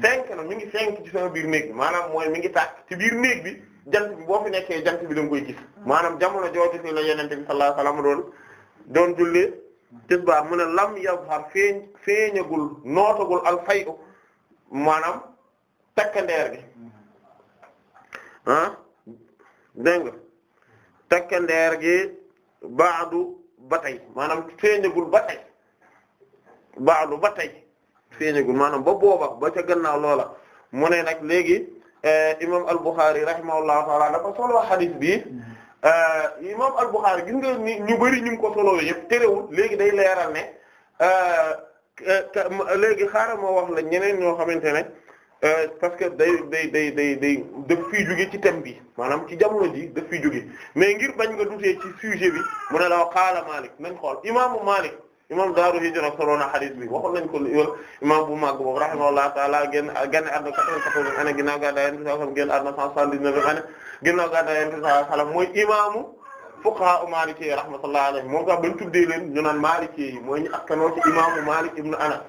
fenk na mi ngi fenk ci sama biir bi maanaam mooy mi ngi ci biir néeg bi jant bi boo fi nekkee jant bi da koy maanaam jamono jooju fi la yenente bi sallallahu alayhi wa doon julli tisbaar mu ne lam yazhar feeñ feeñagul nootagul al fayu maanaam takkandeer gi ah dégg nga takkandeer gi baadu ba tey maanaam feeñagul ba baadu ba tey feeñagul maanaam ba booba ba ca loola mu ne nag léegi eh, imam al-Bukhari rahimahullahu ta'ala dafa solo hadith bi Euh, imam al-Bukhari gis nga ni ñu bari ñu ko solowee yëpp terewul léegi day leeral ne euh, léegi xaaral ma wax la ñeneen ñoo xamante ne euh, parce que day day day day day daf fiy jóge ci thème bi maanaam ci jamono ji daf fiy jóge mais ngir bañ nga dutee ci sujet bi mu ne la qaala Malik nañ xool imaamu Malik imam daaru hijra solo na hadith bi waxoon nañ ko imam bu mag boobu rahimahullahu ta'ala génn génn àdduna 94 année ginnaaw gàddaay Yonent bi sallallahu alayhi wasallam mooy imaamu fuqaha maliki yi rahmatullahi alayhi moom sax bañ tuddee leen ñu naan maliki mooy ñu askanoo imaamu Malik ibn Anas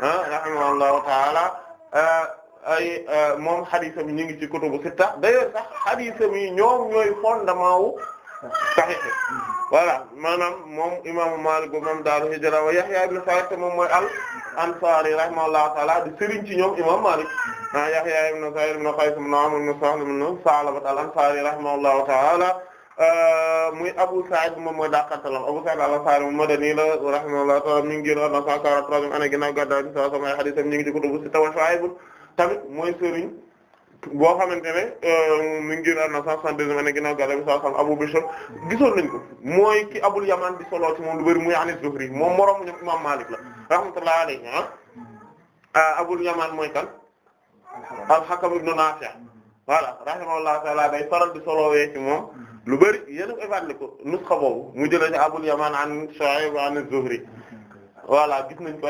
ah ah moom haditham ñu ngi ci kutubu sitta d'ailleurs sax haditham yi ñoom ñooy fondement wu sahih voilà maanaam moom imaamu Maalik boobu moom daaru hijra wa Yahya ibn Sa'id te moom mooy al Ansari rahimahullahu ta'ala di sëriñ ci ñoom imaamu Maalik ah Yahya ibn Sa'id ibn Qays ibn Amr ibn Sahl ibn Sa'laba al Ansari rahimahullahu ta'ala ah, muy Abu Sa'id moom mooy dàqantalam Abu Sa'id al mi ngi génn na 143 ana ginnaaw gàddaay bi sallallahu alayhi wa sallam mooy sëriñ boo xamante ne euh, mu ngi génn na cent soixante-deuxième année ginnaaw gàddaay bi sallallahu alayhi wasallam Abu Bishr gisoon nañ ko mooy ki Abul Yaman bi soloo ci moom lu bari muy Anas Zuhri moom moroom ñoom imam Malik la rahmatullahi alayhi ah. ah Abul Yaman mooy kan al-Hakam ibn Nafi' voilà rahimahullahu ta'ala day faral di moom lu bari yéen a évalué boobu mu jëlee ci Abul Yaman an Shu'ayb an Zuhri voilà gis nañ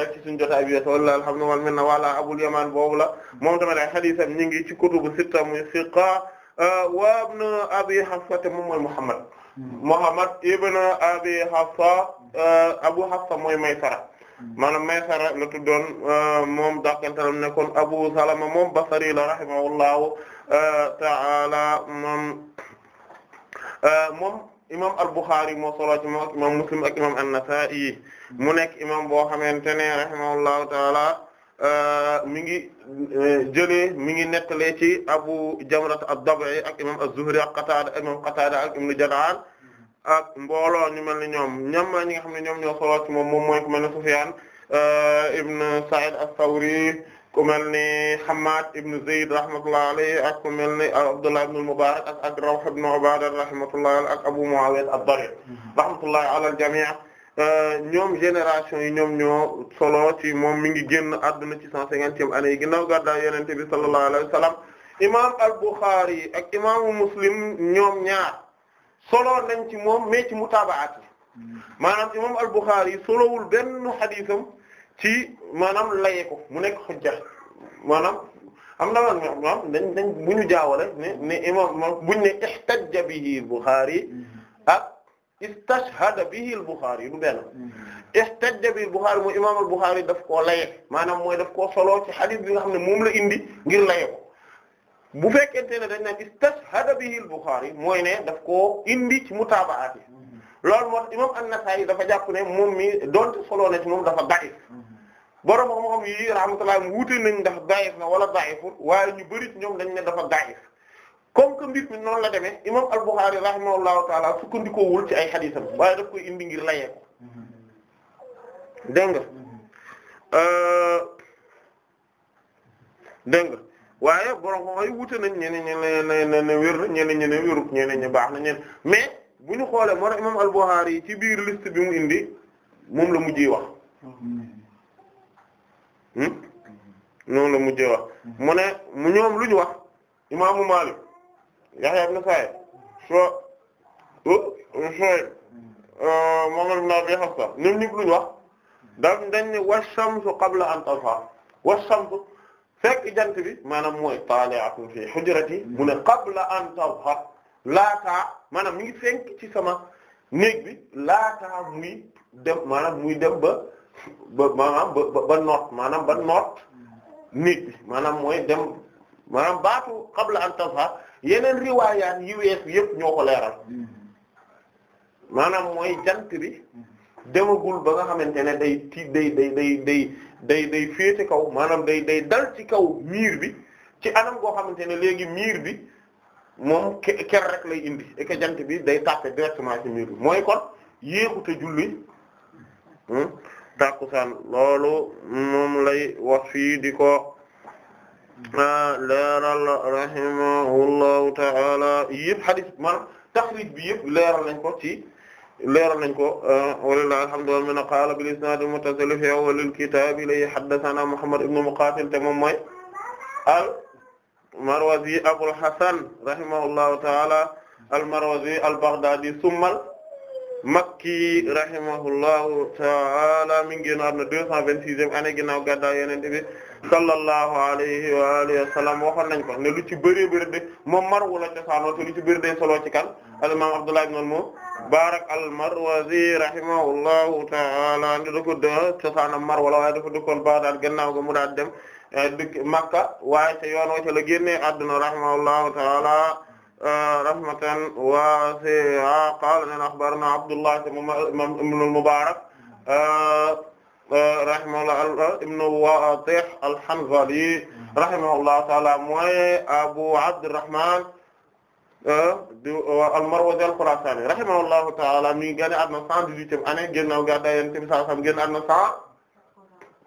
ko la moom tamit ay hadiisam ñu ci kutubu sitta muy siqa euh, wa ibn Abi Hafsa moom mooy Muhammad hmm. Muhammad ibn Abi Hafsa euh, Abu Hafsa mooy Maysara hmm. maanaam Maysara la tuddoon euh, moom dakantalam Abu Salama moom Basri la ta'ala moom imam al-Bukhari moo solo ak imam Muslim ak imam an-Nasa'i mu nekk imam boo xamante ne rahimahullahu taala euh, mi ngi euh, jëlee mi ngi nettalee ci abu jamrat ad-Dabi ak imam az-Zuhri ak Qatada ak imam Qatada ak ibn Jad'an ak mbooloo ñu mel ni ñoom ñam ñi nga xam ne ñoom ñoo solo ci moom moom mooy ku mel ne Sufyan euh, ibn Sa'id ath-Thawri ku mel ni Hammad ibn Zayd rahmatullahi alayhi ak ku mel ni Abdullah ibn al-Mubarak ak ak Rawh ibn Ubadah rahmatullahi ak Abu Muawiya ad-Dari rahmatullahi ala al-jami' Euh, ñoom génération yi ñoom ñoo solo ci moom mi ngi génn adduna ci cent cinquantième année yi ginnaaw gàddaay yonent bi sallallahu alayhi wa sallam imam al-Bukhari ak imaamu Muslim ñoom ñaar solo nañ ci moom mais ci mutaabaat yi maanaam imam al-Bukhari solowul benn xadiisam ci maanaam laye mu nekk xujja maanaam am na maanaam dañ dañ ñu jaawale ne ne imam buñ ne ihtajja bihi al istashhada bihi al-Bukhari du benn mm-hmm. istajja bi al-Bukhari mooy imam al-Bukhari daf koo laye maanaam mooy daf koo solo ci hadith bi nga xam ne moom la indi ngir laye ko bu fekkente ne dañ naan istashhada bihi al-Bukhari mooy ne daf koo indi ci mutaabaati mm-hmm. loolu moo imam an-Nasa'i dafa jàpp ne moom mi donte solo ne ci moom dafa da'if mm-hmm. borom moo xam yi rahmatullahi wuute nañ ndax da'if na wala da'iful waaye ñu bari ci ñoom dañ ne dafa da'if comme que mbir mi noonu la demee imam al-Bukhari rahimahullahu taala sukkandikoowul ci ay xadiisam waaye daf koy indi ngir layee ko dégg nga dégg nga waaye borom xooxay wute nañ ñeneen ñeneen ne ne wér na baax na ñeneen mais bu ñu xoolee moo tax imam al-Bukhari ci biir liste bi mu indi moom la mujjee wax moom hmm? la mujjee wax mu ne mu ñoom lu ñu wax imaamu Maalik Yahya ibn Sa'id Shu'ayb euh, Muhammad ibn Abi Hafsa ñoom ñëpp luñu wax dañ dañ ne wash-shamsu qabla an tazhar wash-shamsu fekk jant bi maanaam mooy tali'atun fi hujrati mu ne qabla an tazhar laataa maanaam mi ngi fenk ci sama néeg bi laataa muy dem maanaam muy dem ba ba maanaam ba ba noot maanaam ba noot néeg bi maanaam mooy dem maanaam baatu qabla an tazhar yeneen riwaayaan yi weesu yëpp ñoo ko leeral maanaam mooy jant bi demagul ba nga xamante ne day ti day day day day day day féete kaw maanaam day day dal ci kaw miir bi ci anam goo xamante ne léegi miir bi moom ker rek lay indi et que jant bi day tapé directement ci miir bi mooy kon yéexute julli hmm, tàkkusaan loolu moom lay wax fii di ko leeral rahimahullahu ta'ala yëpp hadith maanaam taxrij bi yëpp leeral nañ ko ci leeral nañ ko euh, walillahi alhamdu wal minna qaala bil isnaad al muttasil fi awwal al kitaab li haddathana Muhammad ibn Muqaatil te moom mooy al Marwazi Abul Hasan rahimahullahu ta'ala al Marwazi al Baghdadi summal makki rahimahullahu ta'ala mi ngi génn àdduna deux cent vingt-sixième année ginnaaw gàddaay Yonent bi sallallahu alayhi wa alihi wa sallam nañ ko ne lu ci bëree bëri de moom Marwu la cosaanoo te lu ci bëri day solo ci kan al-imam Abdullah ibn al-Mubarak al-Marwazi rahimahullahu ta'ala ne da ko de mar Marwu la waaye dafa dëkkoon Baghdad gannaaw ga mu daal dem eh, dëkk Makka waaye te yoon wa ca la génnee àdduna rahimahullahu ta'ala rahmatan wasi'a qaala lana akhbarana Abdullah ibn al-Mubarak rahimahullah ibn eh, eh, eh, Watih al-Hanzali rahimahullah ta'ala mooy Abu Abdurrahman al-Marwazi al-Khurasani rahimahullahu ta'ala mi génn àdduna 118e année ginnaaw gàddaay Yonent bi sallallahu alayhi wasallam génn àdduna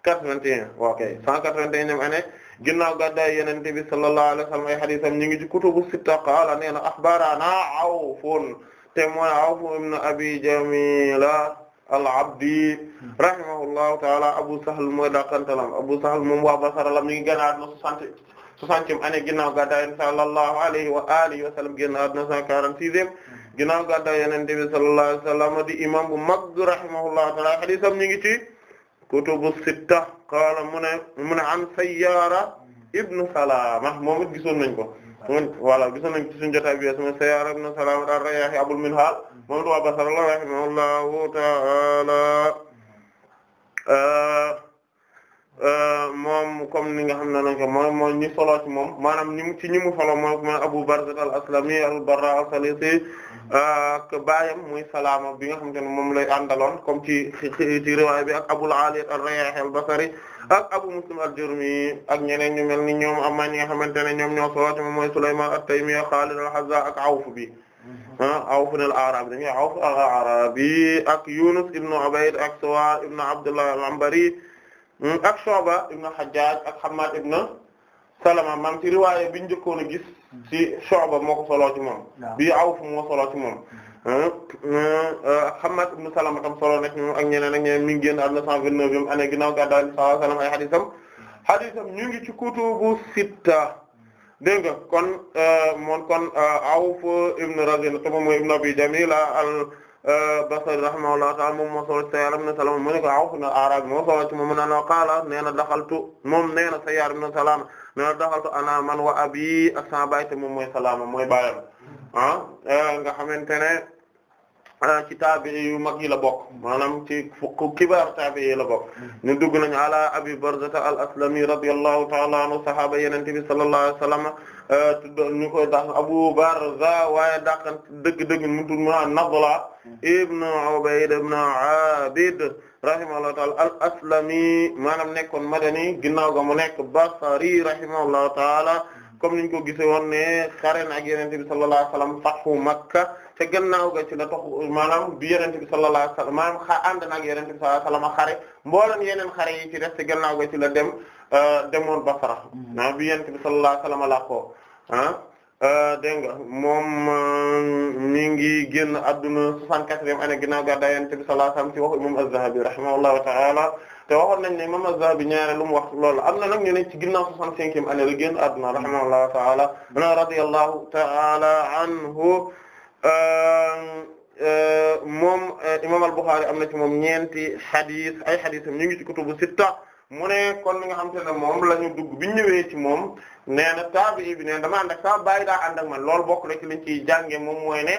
181 ok 181e année ginnaaw gàddaay yonent bi sallallahu alayhi wa ay hadisam ñu ngi kutubu sitta qaala nee na axbarana Awfun te mooy Awf ibn Abi Jamila al-Abdi rahimahullahu ta'ala Abu Sahl mooy dakantalam Abu Sahl moom waa Basra la mi ngi génn àdduna soixante soixantième année ginnaaw gàddaay yonent sallallahu alayhi wa alihi wa sallam génn àdduna ginnaaw gàddaay yonent bi sallallahu alayhi wa sallam di imam bu mag rahimahullahu ta'ala hadisam ñu ngi ci kutubu sitta qaala mu ne mu ne an Sayyaara ibnu Salaama moom it gisoon nañ ko moom mm-hmm. voilà gisoon nañ ci suñu jotaay bi sama Sayyaara ibnu Salaama daal Rayaahi Abul Minhaal moom it waa Basra rahimahullahu ta'aala mm-hmm. euh, Euh, moom comme ni nga xam ne nag moom mooy ñi solo ci moom maanaam ñi ci ñi mu solo moom mooy Abu Barzah al-Aslami al-Barra as-Salisi euh, ak baayam muy Salaama bi nga xam te ne moom lay àndaloon comme ci ci riwaaya bi ak Abul Ali ar-Rayyahi al-Basri ak Abu Muslim al-Jurmi ak ñeneen ñu mel ni ñoom amaa ñi nga xamante ne ñoom ñoo solo ci moom mooy Sulaymaan at-Taymi Xaalid al-Hazza ak Awf bi ah, Awf al-A'rabi dañuy Awf al-A'rabi ak Yunus ibn Ubayd ak Suwayr ibn Abdullah al-Anbari Mm, ak Shu'ba ibn Hajjaj ak Hammad ibn Salama maam ci riwaaya biñ njëkkoon gis ci Shu'ba moo ko moom bi Awf moo soloo ci moom mm, mm, uh, Hammad ibn Salama tam soloo nekk moom ak ñeneen ak ñeneen mi ngi génn am na cent vingt-neuf yom année ginnaaw ga daal sallallahu alayhi ñu ngi ci kutubu sitta dégg kon uh, moom kon uh, Awf ibn Razina te moom mooy ibn Abi Jamila al Basri rahimahullahu ta'ala moom moo solo Sayyaar ibn moo solo moom mu ne la qaala nee na daxaltu moom nee na Sayyaar ibn Salaama nee na daxaltu ana man wa abi ak baay te moom mooy Salaama mooy baayam ah eh, nga xamante ne eh, ci taabi'i yu mag yi la bokk maanaam ci fukk kibaar taabi'i yi la bokk ñu dugg nañu Abi Barzata al-Aslami radiyallahu ta'ala anhu bi sallallahu alayhi ñu koy dàq Abu Barza waaye dàq dëgg-dëgg mu tudd mu Nadla ibn Ubayd ibn Abid rahimahullahu ta'ala al-Aslami maanaam nekkoon madani ginnaaw ga mu nekk Basri rahimahullahu ta'ala comme niñ ko gisee woon ne xare na ak Yonent bi sallallahu alayhi wasallam fathu Makka te gannaaw ga ci la tax maanaam bi Yonent bi sallallahu alayhi wasallam maanaam xa ànd na ak Yonent bi sallallahu alayhi wasallam xare mbooleen yeneen xare yi ci def te gannaaw ga ci la dem Euh, demoon Basra mm-hmm. ah bi bi sallallahu la ko ah euh, dégg nga moom euh, ngi génn adduna soixante-quatrième année ginnaaw gàddaay yent bi sallallahu alayhi wa sallam ci waxu imam Az-Zahabi ta'ala te waxoon nañ ne imam Az-Zahabi ñaare lu mu wax loolu am na nag ñu ne ci ginnaaw soixante-cinquième année la génn adduna rahimahullahu ta'ala na radiyallahu ta'ala anhu moom imam Al-Bukhârî am na ci moom ñeenti xadis ay xadisam ñu ngi ci sitta mu ne kon li nga xam te ne moom la ñu dugg bi ñu ñëwee ci moom nee na taabi bi ne dama ànd ak saa bàyyi daa ànd ak man loolu bokk na ci liñ ciy jàngee moom mooy ne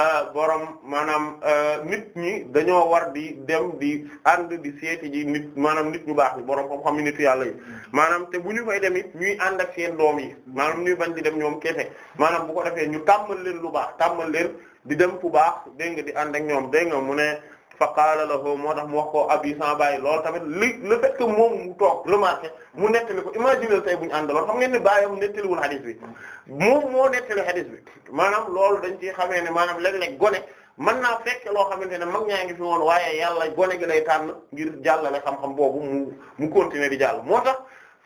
euh, borom maanaam euh, nit ñi dañoo war di dem di ànd di seeti ji nit maanaam nit ñu baax ni borom xam-xam yi nitu yàlla yi maanaam te bu ñu fay dem it ñuy ànd ak seen doom yi maanaam ñuy bañ di dem ñoom kese maanaam bu ko defee ñu tàmmal leen lu baax tàmmal leen di dem fu baax dégg nga di ànd ak ñoom dégg nga mu ne. fa qaala lahu moo tax mu wax ko abi sama baay loolu tamit li le fait que moom mu toog remarqué mu nettali ko imaginer tey bu ñu àndaloon xam ngeen ne baayam nettaliwul xadis bi moom moo nettali xadis bi maanaam loolu dañ ci xamee ne maanaam léeg-léeg gone mën naa fekk loo xamante ne mag ñaa ngi fi woon waaye yàlla gone gi lay tànn ngir jàllale xam-xam boobu mu mu continuer di jàll moo tax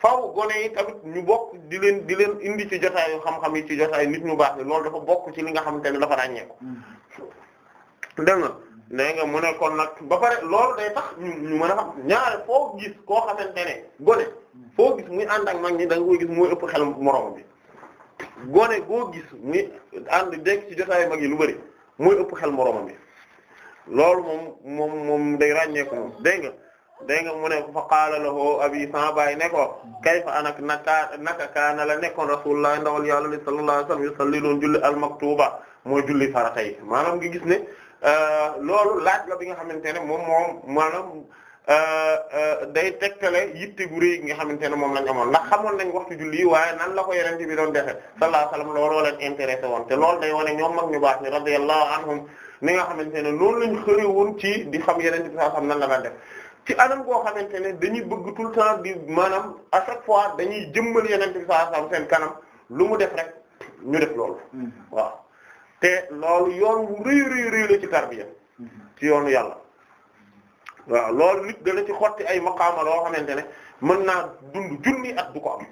faaw gone yi tamit ñu bokk di leen di leen indi ci jotaayu xam-xam yi ci jotaayu nit ñu baax ni loolu dafa bokk ci li nga xam xamante ne dafa ràññeeku mm. dégg nee nga mu ne kon nag ba pare loolu day tax ñu ñu mën a xam ñaare foo gis koo xamante ne gone foo gis muy ànd ak mag ñi da nga koy gis muy ëpp xel moroom bi gone boo gis muy ànd dekk ci jotaayu mag yi lu bari muy ëpp xel moroomam bi loolu moom moom moom day ràññeeku moom dégg nga dégg nga mu ne fa qaala lahu abi sa baay ne ko kayfa anak naka naka a la nekkoon rasulullah ndawal yàlla sallallahu alayhi wasallam yusalli doon julli al maktuba mooy julli farata yi maanaam nga gis ne. Euh, loolu laaj la bi nga xamante ne moom moom maanaam euh, euh, day tegtale yitte gu rëy yi nga xamante ne moom lañ amoon ndax xamoon nañ waxtu julli waaye nan la ko yonent bi doon defe sallallahu alayhi wasallam looloo leen intéressé woon te loolu day wane ñoom mag ñu baax ni radiyallahu anhum ni nga xamante ne noonu lañ xëri woon ci di xam yeneen bi sallallahu nan la daan def ci anam boo xamante ne dañuy bëgg tout le temps di maanaam à chaque fois dañuy jëmmal yonent bi sallallahu alayhi wasallam seen kanam lu mu def rek ñu def loolu mm-hmm. waaw te loolu yoon wu rëy rëy rëy la ci tarbiya ci yoonu yàlla waaw loolu nit dana ci xotti ay maqaama loo xamante ne mën naa dund junni at du ko am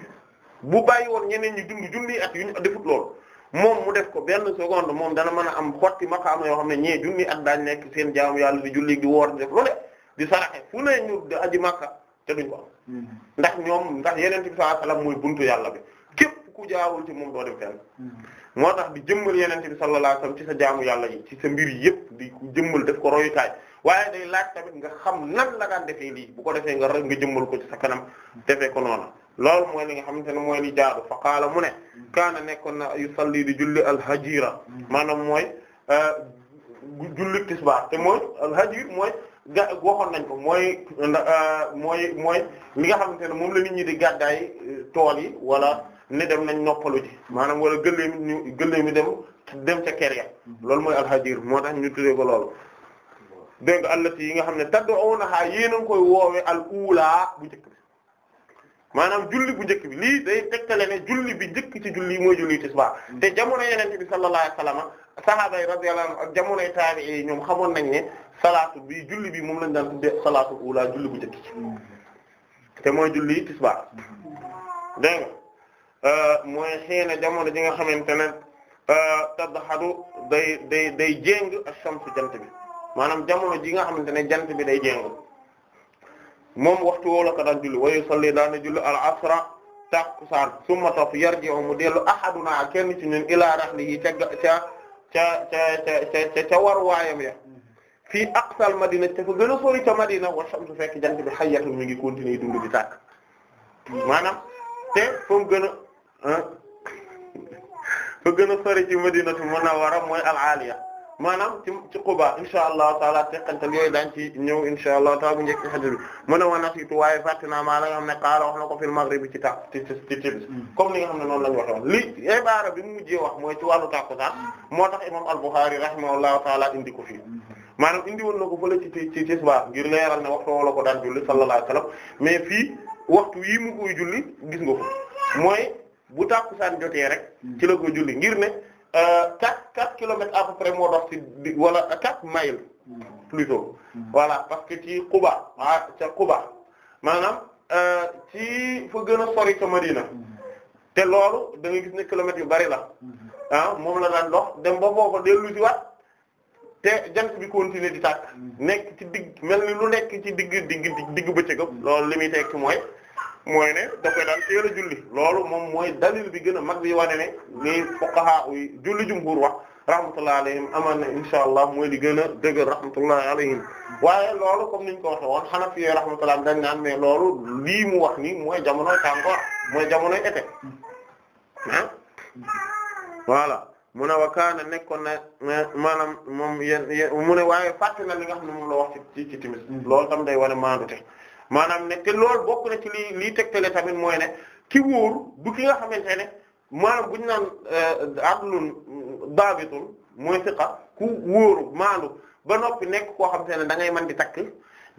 bu bàyyi woon ñeneen ñi dund junni at yu ñu defut loolu moom mu def ko benn seconde moom dana mën a am xotti maqaama yoo xam ne ñee junni at daañ nekk seen jaamu yàlla di julli di woor di def loole di saraxe fu ne ñu di aji Makka te duñ ko am mm-hmm. ndax ñoom ndax yeneen bi sallallahu alayhi mooy buntu yàlla bi képp ku jaawul ci moom doo dem moo tax di jëmmal yenente bi sallallahu alayhi wasallam ci sa jaamu yàlla yi ci sa mbir yëpp di jëmmal def ko royukaay waaye day laaj tamit nga xam nan la daan defee lii bu ko defee nga nga jëmmal ko ci sa kanam defee ko noonu loolu mooy li nga xamante ne mooy li jaadu fa qaala mu ne kaana nekkoon na yusalli di julli alhajira maanaam mooy euh, julli tisbaar te mooy alhajir mooy ga waxoon nañ ko mooy euh, mooy mooy li nga xamante ne moom la nit ñi di gàddaay euh, tool yi wala ne dem nañ noppalu ji maanaam wala gëléem ñu gëléem mi dem dem ca kër ya mhm. loolu mooy alhajir moo tax ñu tuddee ko loolu dégg nga allati yi nga xam ne tad'unaha yéen a ngi koy woowe al ula bu njëkk bi maanaam julli bu njëkk bi lii day te ne julli bi njëkk ci julli yi mooy julli tisbaar mhm. te jamono yeneen bi sallallahu alayhi wasallam sahaaba yi radiyallahu anhum ak jamonoy taabi'i ñoom xamoon nañ ne salaatu bi julli bi moom lañ daan tudde salaatu ula julli bu njëkk mhm. te mooy julli tisbaar dégg nga Euh, mooy xiina jamono ji nga xamante ne euh, tadhadu day day day jéng ash-shamsu jant bi maanaam jamono ji nga xamante ne jant bi day jéng moom waxtu woo la ko daan julli wa yusalli daana julli al-asra tàkkusaan summa topp yarji'u mu dellu ahaduna kenn ci ñun ilaa rahlihi ca ca ca ca ca ca war waayam ya fii aqsal madina te fa gën a sori ca madina wa shamsu fekk jant bi hayyatun mi ngi continuer dund di tàkk maanaam te fa mu gën a fa gën a sori ci madinatu munawwara mooy al-Aliya maanaam ci ci Quba insha allahu taala teqantal yooyu daañ ci ñëw insha allahu taala bu njëkk ci xajul mu ne wa nasiitu waaye fàtte naa maa la nga xam ne qaala wax na ko fil maghrib ci ta ci ci mm. comme li nga xam ne noonu la ñu li ibaara bi mu mujjee wax mooy ci wàllu tàkkusaan moo tax imam al-Bukhari rahimahullahu taala indi ko fii maanaam indi woon na ko fële ci ci tisbaar ngir leeral ne waxtu wala ko daan julli sallallahu alayhi wasallam mais fii waxtu yii mu koy ko bu saan jotee rek hmm. ci la ko julli ngir ne euh, quatre quatre kilomètres à peu moo dox ci wala quatre miles hmm. plutôt hmm. voilà parce que ci Quba ah ca Quba maanaam euh, ci fa gën a sori ca Madina te loolu da gis ne kilomètres yu bari la ah, moom la daan dox dem ba boo ko dellu ci waat te jant bi continuer di tàkk nekk ci digg mel ni lu nekk ci digg digg digg bëccëg loolu li muy tekki mooy mooy ne da koy daan teel julli loolu moom mooy dalil bi gën a mag bi wane ne lii fuqaha uy julli jumhur wax rahmatullahi alayhim aman na insha allah mooy li gën a dëgër rahmatullahi alayhim waaye loolu comme niñ ko waxe woon Hanafi rahmatullah dañ naan mais loolu lii mu wax ni mooy jamonoy tàngoor mooy jamonoy été ah voilà mu ne wa kaana nekkoon na maanaam moom yeen mu ne waaye fàtte na li nga xam ne moom la wax ci ci timis mm-hmm. loolu tam day wane maandute maanaam ne te loolu bokk na ci li lii tegtale tamit mooy ne ki wóor du ki nga xamante ne maanaam bu ñu naan euh, adlun daabitun mooy siqa ku wóoru maandu ba noppi nekk koo xamante ne da ngay mën di takk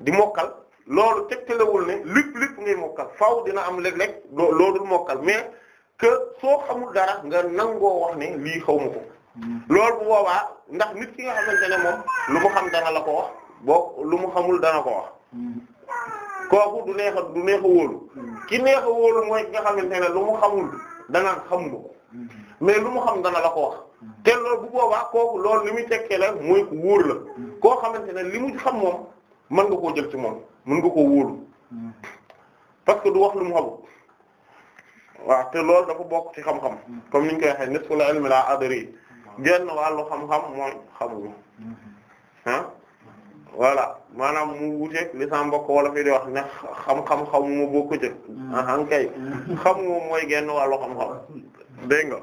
di mokkal loolu tegtalewul ne lépp lépp ngay mokkal faw dina am léeg-léeg loo mokkal mais que soo xamul dara nga nangoo wax ne lii xaw ma ko. Hmm. loolu bu boobaa ndax nit ki nga xamante ne moom lu mu xam dana la ko wax boo lu mu xamul dana ko wax. Hmm. kooku du neex a du neex a wóolu hmm. ki neex a wóolu mooy ki nga xamante ne lu mu xamul danaan xamu hmm. mais lu mu xam dana la ko wax hmm. loolu bu boobaa kooku loolu li muy tekkee la mooy ku wóor la koo xamante ne li xam moom mën nga koo jël ci moom mën nga koo wóolu parce que du wax lu mu xamul waaw te loolu dafa bokk ci xam-xam comme ni ñu koy waxee nisfu al-ilmi la adri genn wàllu xam-xam mooy xamul ah voilà maanaam mu wuteeg li sama mbokk wala fi di wax ne xam-xam xamu ma boo ko jël mm. ahan kay mm. xam moom mooy genn wàllu xam-xam dégg nga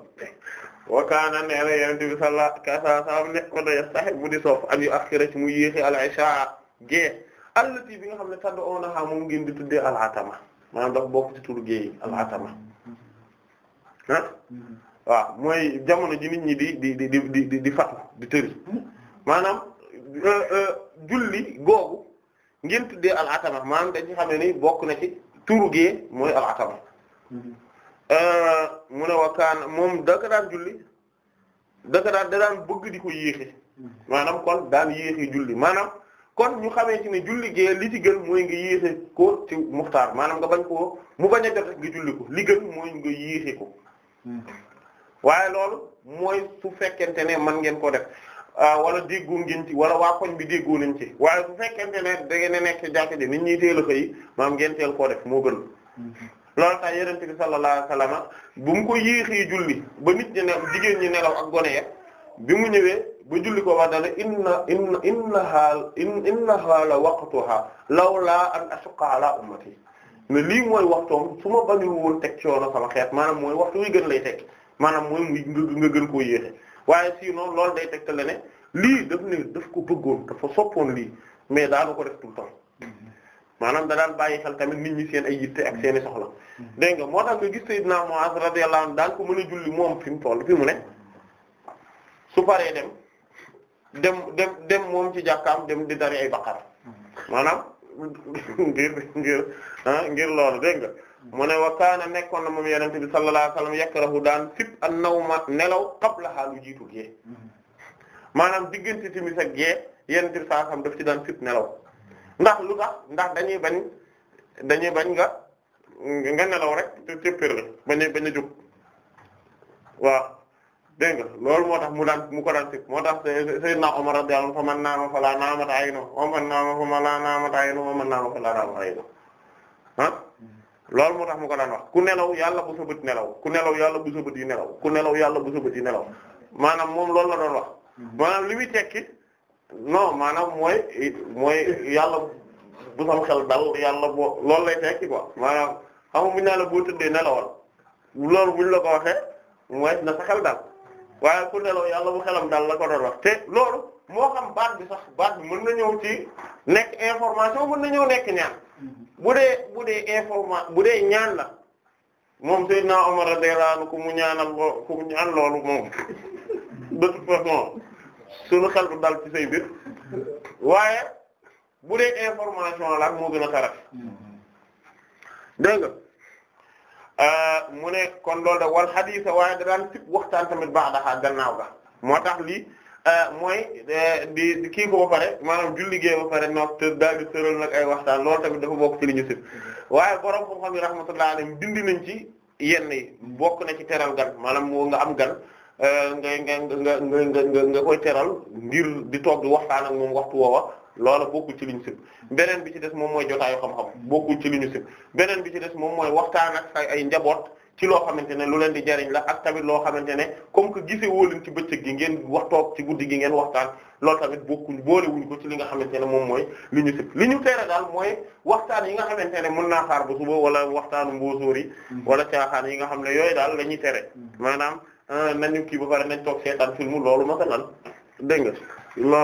wakaana nee na yenente bi salla kasa salam nekk ko da yastahi bu di soof an yu akhira ci mu yéexi al isha gée allati bi nga xam ne tadd oonaxaa moom ngeen di tuddee al atama maanaam daf bokk ci turu géey al atama ah mm-hmm. mooy jamono ji nit ñi di di di di di di di tëri mm-hmm. maanaam Euh, euh, julli googu ngeen tëddee al atama maanaam dañ xam ne ni bokk na ci turu gee mooy al atama mhm. euh, mu ne wa kaan moom daka daan julli daka daan da daan bëgg di ko yéexe mhm. maanaam kon daan yéexe julli maanaam kon ñu xamee ci ne julli gee li ci gën mooy nga yéexe ko ci muxtaar maanaam nga bañ koo mu bañ a jot rek nga julli ko li gën mooy nga yéexe ko mhm. waaye loolu mooy su fekkente ne man ngeen ko def Ah, wala déggoo ngeen ci wala waa koñ bi déggoo nañ ci waaye bu fekkente ne da nekk ci jàkka ji nit ñi teel a xëy maam ngeen teel koo def moo gën mm-hmm. loolu tax yonent bi sallallahu alayhi bu mu ko yéexee julli ba nit ñi ne jigéen ñi nelaw ak gone bi mu ñëwee ba julli ko wax dana inna inna innaha innaha la ak lawla an ashuqqa ala ummati ne lii mooy waxtoom su ma bañul woon teg coono sama xeet maanaam mooy waxtu wi gën lay teg maanaam mooy muy nga gën koo waaye sinon loolu day tegtale ne lii daf ne daf ko bëggoon dafa soppoon lii mais daanu ko def tout le maanaam da daan bàyyi xel tamit nit ñi seen ay yitte ak seen soxla dégg nga moo tax nga gis Sayyidna Muaz radiyallahu anhu daan ko mën a julli moom fi mu toll fi mu ne su paree dem dem dem dem moom ci jàkkaam dem di dari ay baqar maanaam ngir ngir lool ah, ngir loolu mu ne wa kaana nekkoon na moom yenente bi sallallahu alayhi wasallam yakrahu daan sip an ma nelaw qabla xaalu jiitu gée maanaam diggante ti ak gée yenente bi sallallahu alayhi wasallam daf ci daan sip nelaw ndax lu tax ndax dañuy bañ dañuy bañ nga nga nelaw rek te téppérle bañ bañ a jóg waaw dégg nga loolu moo tax mu daan mu ko daan sip moo tax sayyidna Umar a anhu fa man naama fala naamat aynu wa man naama fa la naamat aynu wa man naama fala naamat aynu ah loolu moo tax mu ko daan wax ku nelaw yàlla bu sa bët nelaw ku nelaw yàlla bu sa bët yi nelaw ku nelaw yàlla bu sa bët yi nelaw maanaam moom loolu la doon wax maanaam li muy tekki non maanaam mooy yàlla bu sam xel dal yàlla boo loolu lay tekki quoi maanaam xam nga bu ñu boo tëddee nelawal loolu bu ñu la ko waxee mooy na sa xel dal waaye ku nelaw yàlla bu xelam dal la ko doon wax te loolu moo xam baat bi sax baat bi mën na ñëw ci nekk information mën na ñëw nekk ñaan bu dee bu dee informa bu dee ñaan la moom Seydina Omar radiyallahu anhu ku mu ñaanal ko ku mu ñaan loolu moom de toute façon suñu xel du dal ci say mbir waaye bu dee information la moo gën a tarat dégg nga euh, mu ne kon loolu da wal xadiisa waaye da daan tip waxtaan tamit baax daxaa gannaaw ga moo tax lii Euh, mooy euh, di kii ko ba pare maanaam julli gee ba pare noog te daal di tëral nag ay waxtaan loolu tamit dafa bokk ci li ñu sib mm-hmm. waaye borom xam-xam yi rahmatullah alayhi dindi nañ ci yenn yi bokk na ci teral gan maanaam moo nga am gan euh, nga nga nga nga nga koy teral ngir di toog di waxtaan ak moom waxtu woowa loola bokkul ci li ñu sib beneen bi ci des moom mooy jotaayu xam-xam bokkul ci li ñu sib beneen bi ci des moom mooy waxtaan ak ay njaboot ci loo xamante ne lu leen di jariñ la at tamit loo xamante ne comme que gisee woo leen ci bëccëg gi ngeen wax ci guddi gi ngeen waxtaan loolu tamit bokkuñ boole wuñ ko ci li nga xamante ne moom mooy li ñu sëpp ñu teere daal mooy waxtaan yi nga xamante ne mën naa xaar ba suba wala waxtaanu mbóosóor yi mm-hmm. wala caaxaan yi nga xam ne yooyu daal la ñuy tere mm-hmm. maanaam euh, nañu kii ba pare nañ toog seetaan film loolu masalan dégg nga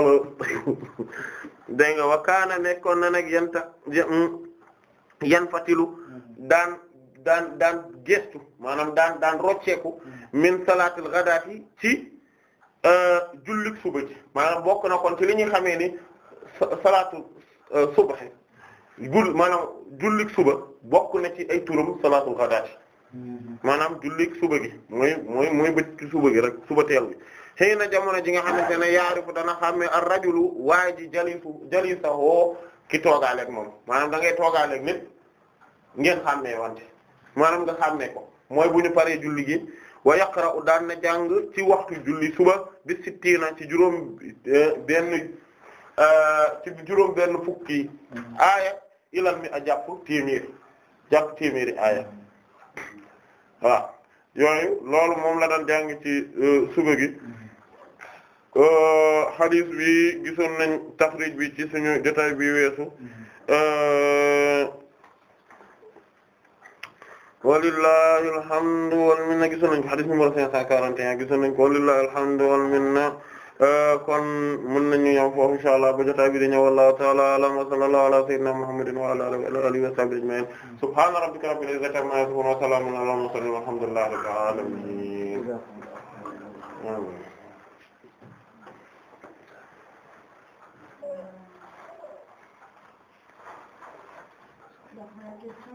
loolu dégg nga wa kaana nekkoon na nag yan ta yan mm, fatilu mm-hmm. daan daan gestu maanaam daan daan rocceeku mm. min salaatil ghadaati ci euh, jullit suba ji maanaam bokk na kon ci li ñuy xamee ni salaatu euh, suba jul maanaam jullit suba bokk na ci ay turam salaatul ghadaati mm-hmm. maanaam jullit suba gi mooy mooy mooy bëcc suba gi rek suba teel bi xëy na jamono ji nga xamante ne yaarifu dana xàmmee ar rajulu waaye ji jalisu jalisa woo ki toogaaleeg moom maanaam da ngay toogaaleeg nit ngeen xàmmee wante maanaam nga xàmmee ko mooy bu ñu paree julli gi wa yaqra'u daan na jàng ci waxtu julli suba bi sittiina ci juróom eh, eh, ci juróom benn fukki aaya ilan mi a jàpp téeméer jàpp téeméeri aaya waaw yooyu loolu moom la daan jàng ci eh, suba gi hadis bi gisoon nañ tafrij bi ci suñu jotaay bi weesu walillahi alhamdu wal minna gisoon nañ ko hadith numéro 541 gisoon nañ ko walillahi alhamdu wal minna euh, kon mën nañu ñëw foofu insha Allah ba jotaay bi di ñëw wallahu ta'ala a'lam wa sallallahu ala sayyidina muhammadin wa ala alihi wa sahbihi ajma'in subhana rabbika rabbil izzati amma yasifun wa salamun ala al-mursalin walhamdulillahi rabbil alamin Thank you.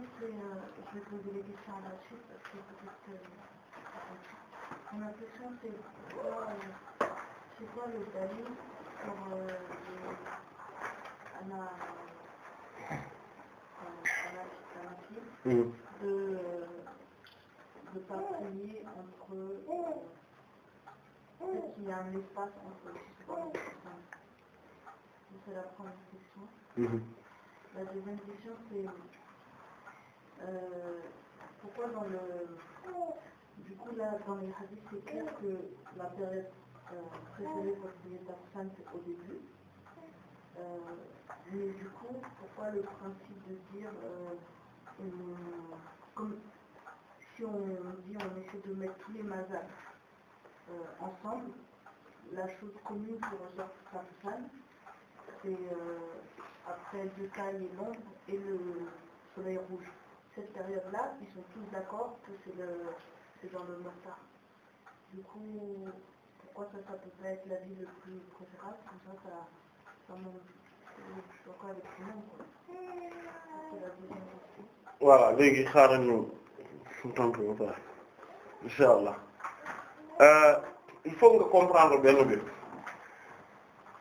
je vais poser des questions là-dessus parce que peut-être euh, on c'est quoi, le Dali pour euh, les, Anna, euh, de ne entre peut-être qu'il espace entre les deux C'est la première La deuxième question c'est Euh, pourquoi dans le du coup là dans les hadiths c'est clair que la période euh, préférée pour prier d'Arsan c'est au début euh, mais du coup pourquoi le principe de dire comme si on dit on essaie de mettre tous les mazars ensemble la chose commune qui ressort pour Arsan c'est après deux cas et l'ombre et le soleil rouge cette période-là, ils sont tous d'accord que c'est le c'est dans le matin. Du coup, pourquoi ça, ça peut pas être la vie le plus préférable, comme ça, ça, ça encore avec tout le monde, quoi. voilà léegi xaaral ñu tontu ba pare incha allah euh, il faut nga comprendre benn bi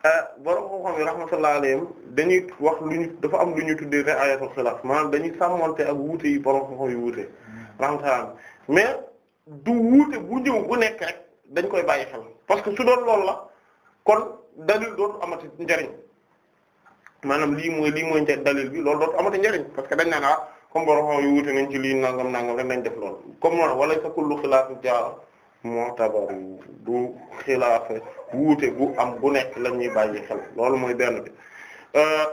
Euh, borom xam-xam yi rahmatullahi alayhim dañuy wax lu ñu dafa am lu ñu tuddee ri'ayatul xilaaf maanaam dañuy sàmmonte ak wuute yi borom xam-xam yi wuute rahmatullah mais du wuute bu ñëw bu nekk rek dañ koy bàyyi xel parce que su doon lool la kon dalil dootu amati njariñ maanaam lii mooy lii mooy njariñ dalil bi loolu dootu amati njariñ parce que dañ naan ah comme borom xam-xam yi wuute nañ ci lii nangam nangam rek nañ def loolu comme noonu wala sa kullu xilaaf mu'tabar du xilaafa wuute gu am bu nekk la ñuy bàyyi xel loolu mooy benn bi euh,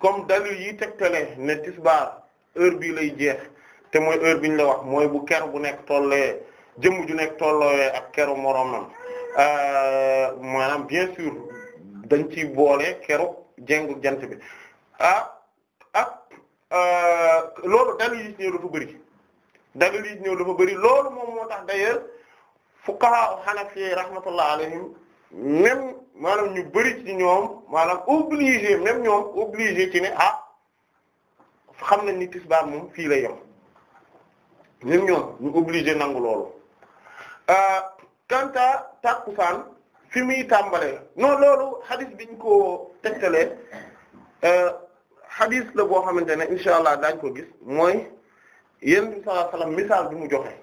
comme dalil yi teg tegtale ne tisbaar heure bii lay jeex te mooy heure bi ñu la wax mooy bu ker bu nekk tollee jëmm ju nekk tolloowee ak keru moroomam euh, maanaam bien ci boole keru jengu jant bi ah ah loolu dalil yi ñëw dafa bëri dalil yi ñëw dafa bëri loolu moom moo tax d'ailleurs fuqaha hanafi rahmatullah alayhim même maanaam ñu bëri ci ñoom maanaam obligé même ñoom obligé ci ne ah xam nañ ni tisbaar moom fii la yem même ñoom ñu obligé nangu loolu kanta euh, tàkkusaan fi muy tàmbalee non loolu hadith biñ ko tegtalee euh, hadith la boo xamante ne insha allah daañ ko gis mooy yéen bi sallallahu misaal bi mu joxe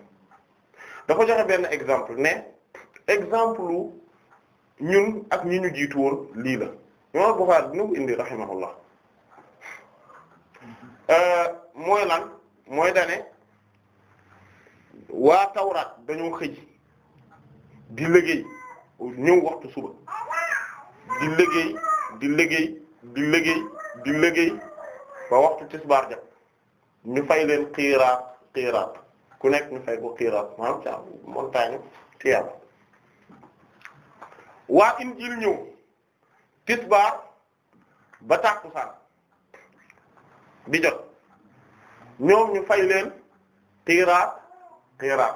dafa joxe benn exemple ne exemple ñun ak ñi ñu jiitu woon lii la imam Bukhari dina ko indi rahimahullah mhm. euh, mooy lan mooy dane waa tawraat dañoo xëy di liggéey ñëw waxtu suba di liggéey di liggéey di liggéey di ba waxtu tisbaar jot ñu fay leen xiiraat xiiraat ku nekk ñu fay ko xiiraat maanaam ca montagne tiyaaba waa injil ñëw tisbaar ba tàkkusaan di jot ñoom ñu fay leen xiiraat xiiraat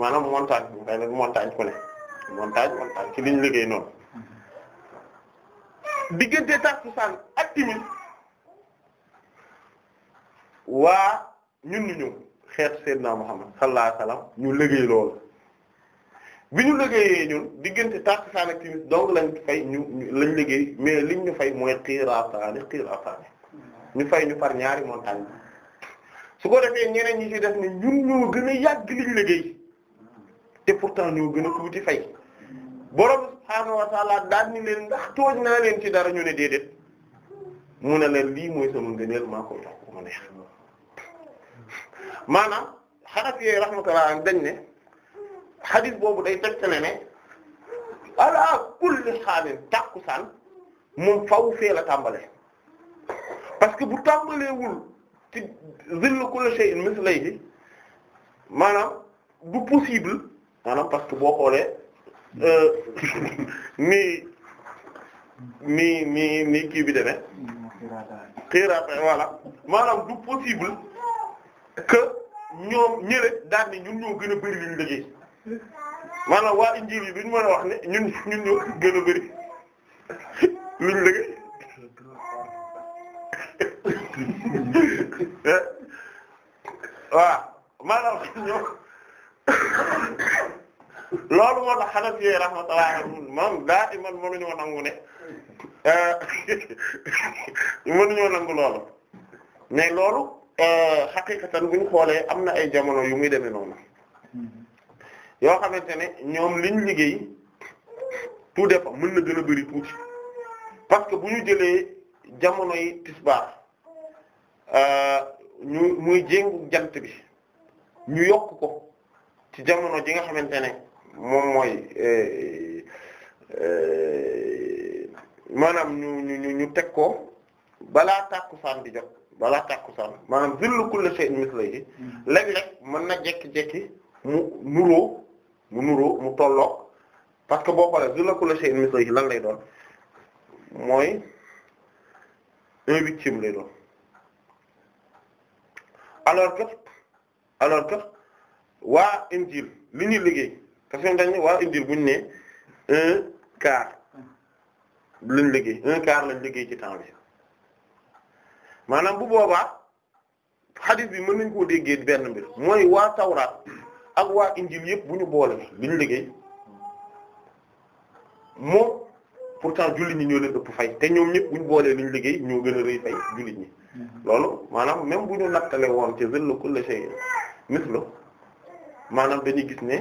maanaam montagne ñu fay ku ne montagne montagne ci liñ liggéey noonu diggante tàkkusaan ak timis waa ñun ñu ñu xeet Seydina Muhammad sallallahu alayhi wasallam ñu liggéey loolu bi ñu liggéeyee ñun diggante tàkkusaan ak timis donc lañ fay ñu lañ liggéey mais liñ ñu fay mooy xiiraataani xiiraataani ñu fay ñu par ñaari montagne su ko defee ñeneen ñi ci def ne ñun ñoo gën a yàgg liñ liggéey te pourtant ñoo gën a tuuti fay borom subhaanahu wa daal ni leen ndax tooj naa leen ci dara ñu ne déedéet mu ne leen lii mooy sama ngëneel maa koy jox mu neex maanaam xanaf yooyu rahmatullah dañ ne xadis boobu day tegtale ne ala kulli xaalin tàkkusaan moom faw fee la tàmbale parce que bu tàmbaleewul ci zillu kulli shay'in mislayhi maanaam du possible maanaam parce que boo xoolee euh, ni ni ni ni kii bi demee xiraat voilà maanaam du possible que ñoom ñële daan ni ñun ñoo gën a bëri liñ liggéey maanaam waa injiil yi duñ mën a wax ne ñun ñun ñoo gën a bëri liñ liggéey waaw ma ñoom loolu moo tax Hanafi yi rahmatullah moom daa iman mënuñoo nangu ne mënuñoo nangu loolu mais Euh, xaqiqatan bu ñu xoolee am na ay jamono yu muy demee noonu yoo xamante ne ñoom liñ liggéey tout dépend mën na gën a bari tuuti parce que bu ñu jëlee jamono yi tisbaar euh, ñu muy jéngu jant bi ñu yokk ko ci jamono ji nga xamante ne moom mooy euh, maanaam ñu ñu ñu teg ko balaa tàkkusaan bi jot balaa tàkkusaan maanaam zillu kulli shay'in mislihi hmm. léeg-léeg mën na jekki-jekki mu nuroo mu nuróo mu tolloog parce que boo xoolee zillu kulli shay'in mislihi lan lay doon mooy un huitième lay doon alors que alors que waa injil li ñuy liggéey parce que dañ ne waa injil buñu ne un quart hmm. lañ liggéey un quart lañ liggéey ci temps maanaam bu boobaa xadis bi mën nañ koo déggee benn bi mooy waa tawraat ak waa injil yëpp bu ñu boole liñ liggéey moo pourtant jullit ñi ñoo leen ëpp fay te ñoom ñëpp bu ñu boolee liñ liggéey ñoo gën a rëy fay jullit ñi mhm. loolu maanaam même bu ñu nattale woon ci zillu kulli shay'in mislu maanaam dañuy gis ne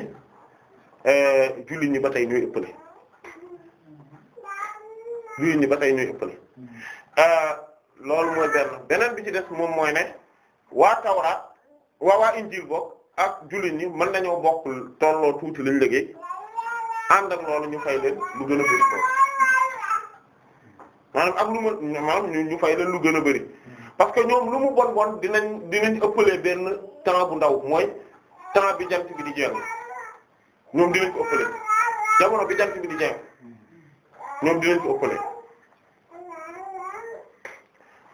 euh, jullit ñi ba tey ñooy ëppale mhm. jullit ñi ba tey ñooy ëppale mhm. euh, loolu mooy benn beneen bi ci des moom mooy ne waa tawraat waa waa injil bokk ak jullit ñi mën nañoo bokk tolloo tuuti lañ liggéey ànd ak loolu ñu fay leen lu gën a bëri lu gën a bëri parce que ñoom lu mu bon bon dinañ dinañ ëppalee benn temps bu ndaw mooy temps bi jant bi di jeex ñoom dinañ ko ëppalee jamono bi jant bi di jeex ñoom dinañ ko ëppalee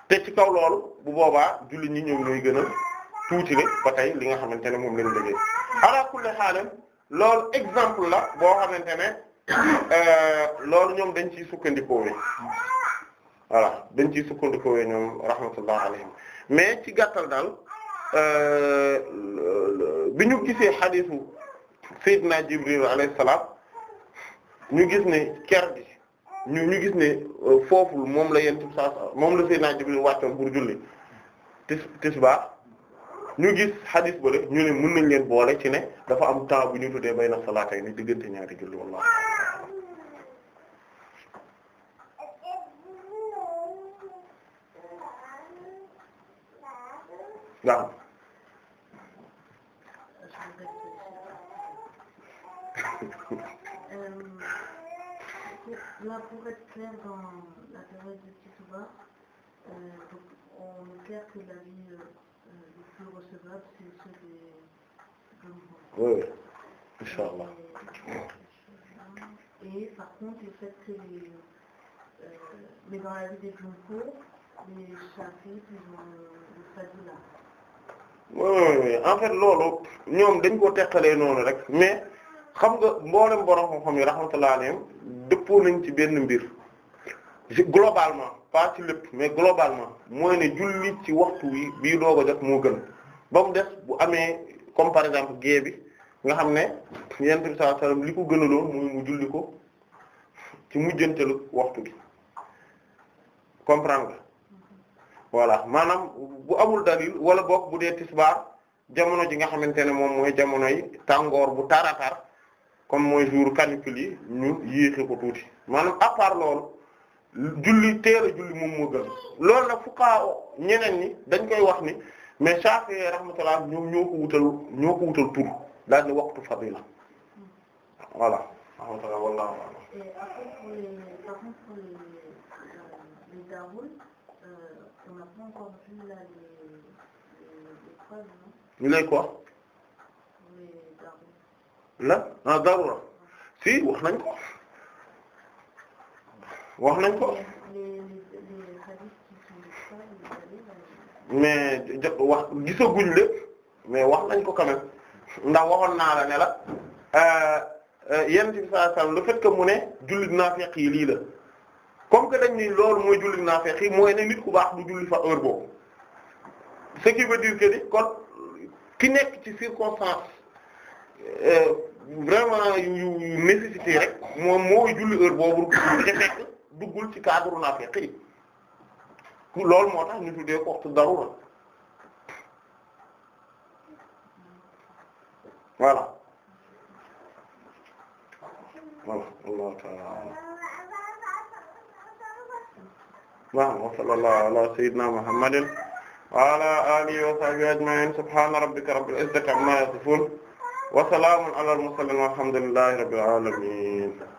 te ci kaw loolu bu boobaa julli ñi ñëw ñooy gën a tuuti li ba tey li nga xamante ne moom lañu liggéey ala kulli xaalam loolu exemple la boo xamante ne euh, loolu ñoom dañ ciy sukkandikoo wi voilà dañ ciy sukkandikoo wi ñoom rahmatullah alayhim mais ci gàttal daal euh, bi ñu gisee xadiisu Seydina Jibril alayhi salaam ñu gis ne ker gi ñu ñu gis ne euh, foofu moom la yent saa moom la Seydina Jibril wàccoon pour julli tis tisbaa ñu gis xadis bale ñu ne mun nañ leen boole ci ne dafa am temps bu ñu tuddee bay na yi ni diggante ñaari julli wallah waaw là, pour être clair dans la période de Teshuvah, euh, on est clair que l'avis euh, le plus recevable, c'est ceux des mouvements. Oui, oui, Inch'Allah. Et, eh, et eh, par contre, le fait que les... Euh, mais dans la vie des Jumhur, les Shafi'i, ils ont le Fadila. Oui, oui, oui. En fait, loolu ñoom dañ ko teqalee noonu rek xam nga mboolem borom xam-xam yi rahmatullah alayhim dëppoo nañ ci benn mbir globalement pas ci lépp mais globalement mooy ne julli ci waxtu wi bii doog a jot moo gën ba mu des bu amee comme par exemple gée bi nga xam ne yonent bi sallallahu alayhi wasallam li ko gënaloon mooy mu julli ko ci mujjantelu waxtu bi comprendre nga voilà maanaam bu amul dalil wala boog bu dee tisbaar jamono ji nga xamante ne moom mooy jamono yi tàngoor bu taratar comme mooy jour canicule yi ñu yéexe ko tuuti maanaam à loolu julli teel a julli moom moo gën loolu nag fuqaha ñeneen ñi dañ koy wax ni mais Shafi'i rahmatullah ñoom ñoo ko wutal ñoo ko wutal tur daal ni fadila voilà rahmatullah wallahu a'lam ñu lay ko la darura si wax nañ ko wax nañ ko mais wax gisaguñ lépp mais wax nañ ko quand ndax waxoon naa la ne la yent bi sallallahu alayhi wasallam le mu ne jullit naafiq yi lii la comme que dañ ni loolu mooy jullit naafiq yi mooy ne nit ku baax mu julli fa heure boobu ce qui veut dire que ni kon ki nekk ci circonstance Euh, vraiment yu nécessité rek moom mooy julli heure boobu te fekk duggul ci cadre naafeq yi loolu moo tax ñu tuddee ko waxtu darura voilà voilà Allah ta'ala wa sallallahu ala sayyidina Muhammadin wa ala alihi wa sahbihi ajma'in subhana rabbika rabbil izzati amma wa salaamun alal mursaliin walhamdulillahi rabbil alamin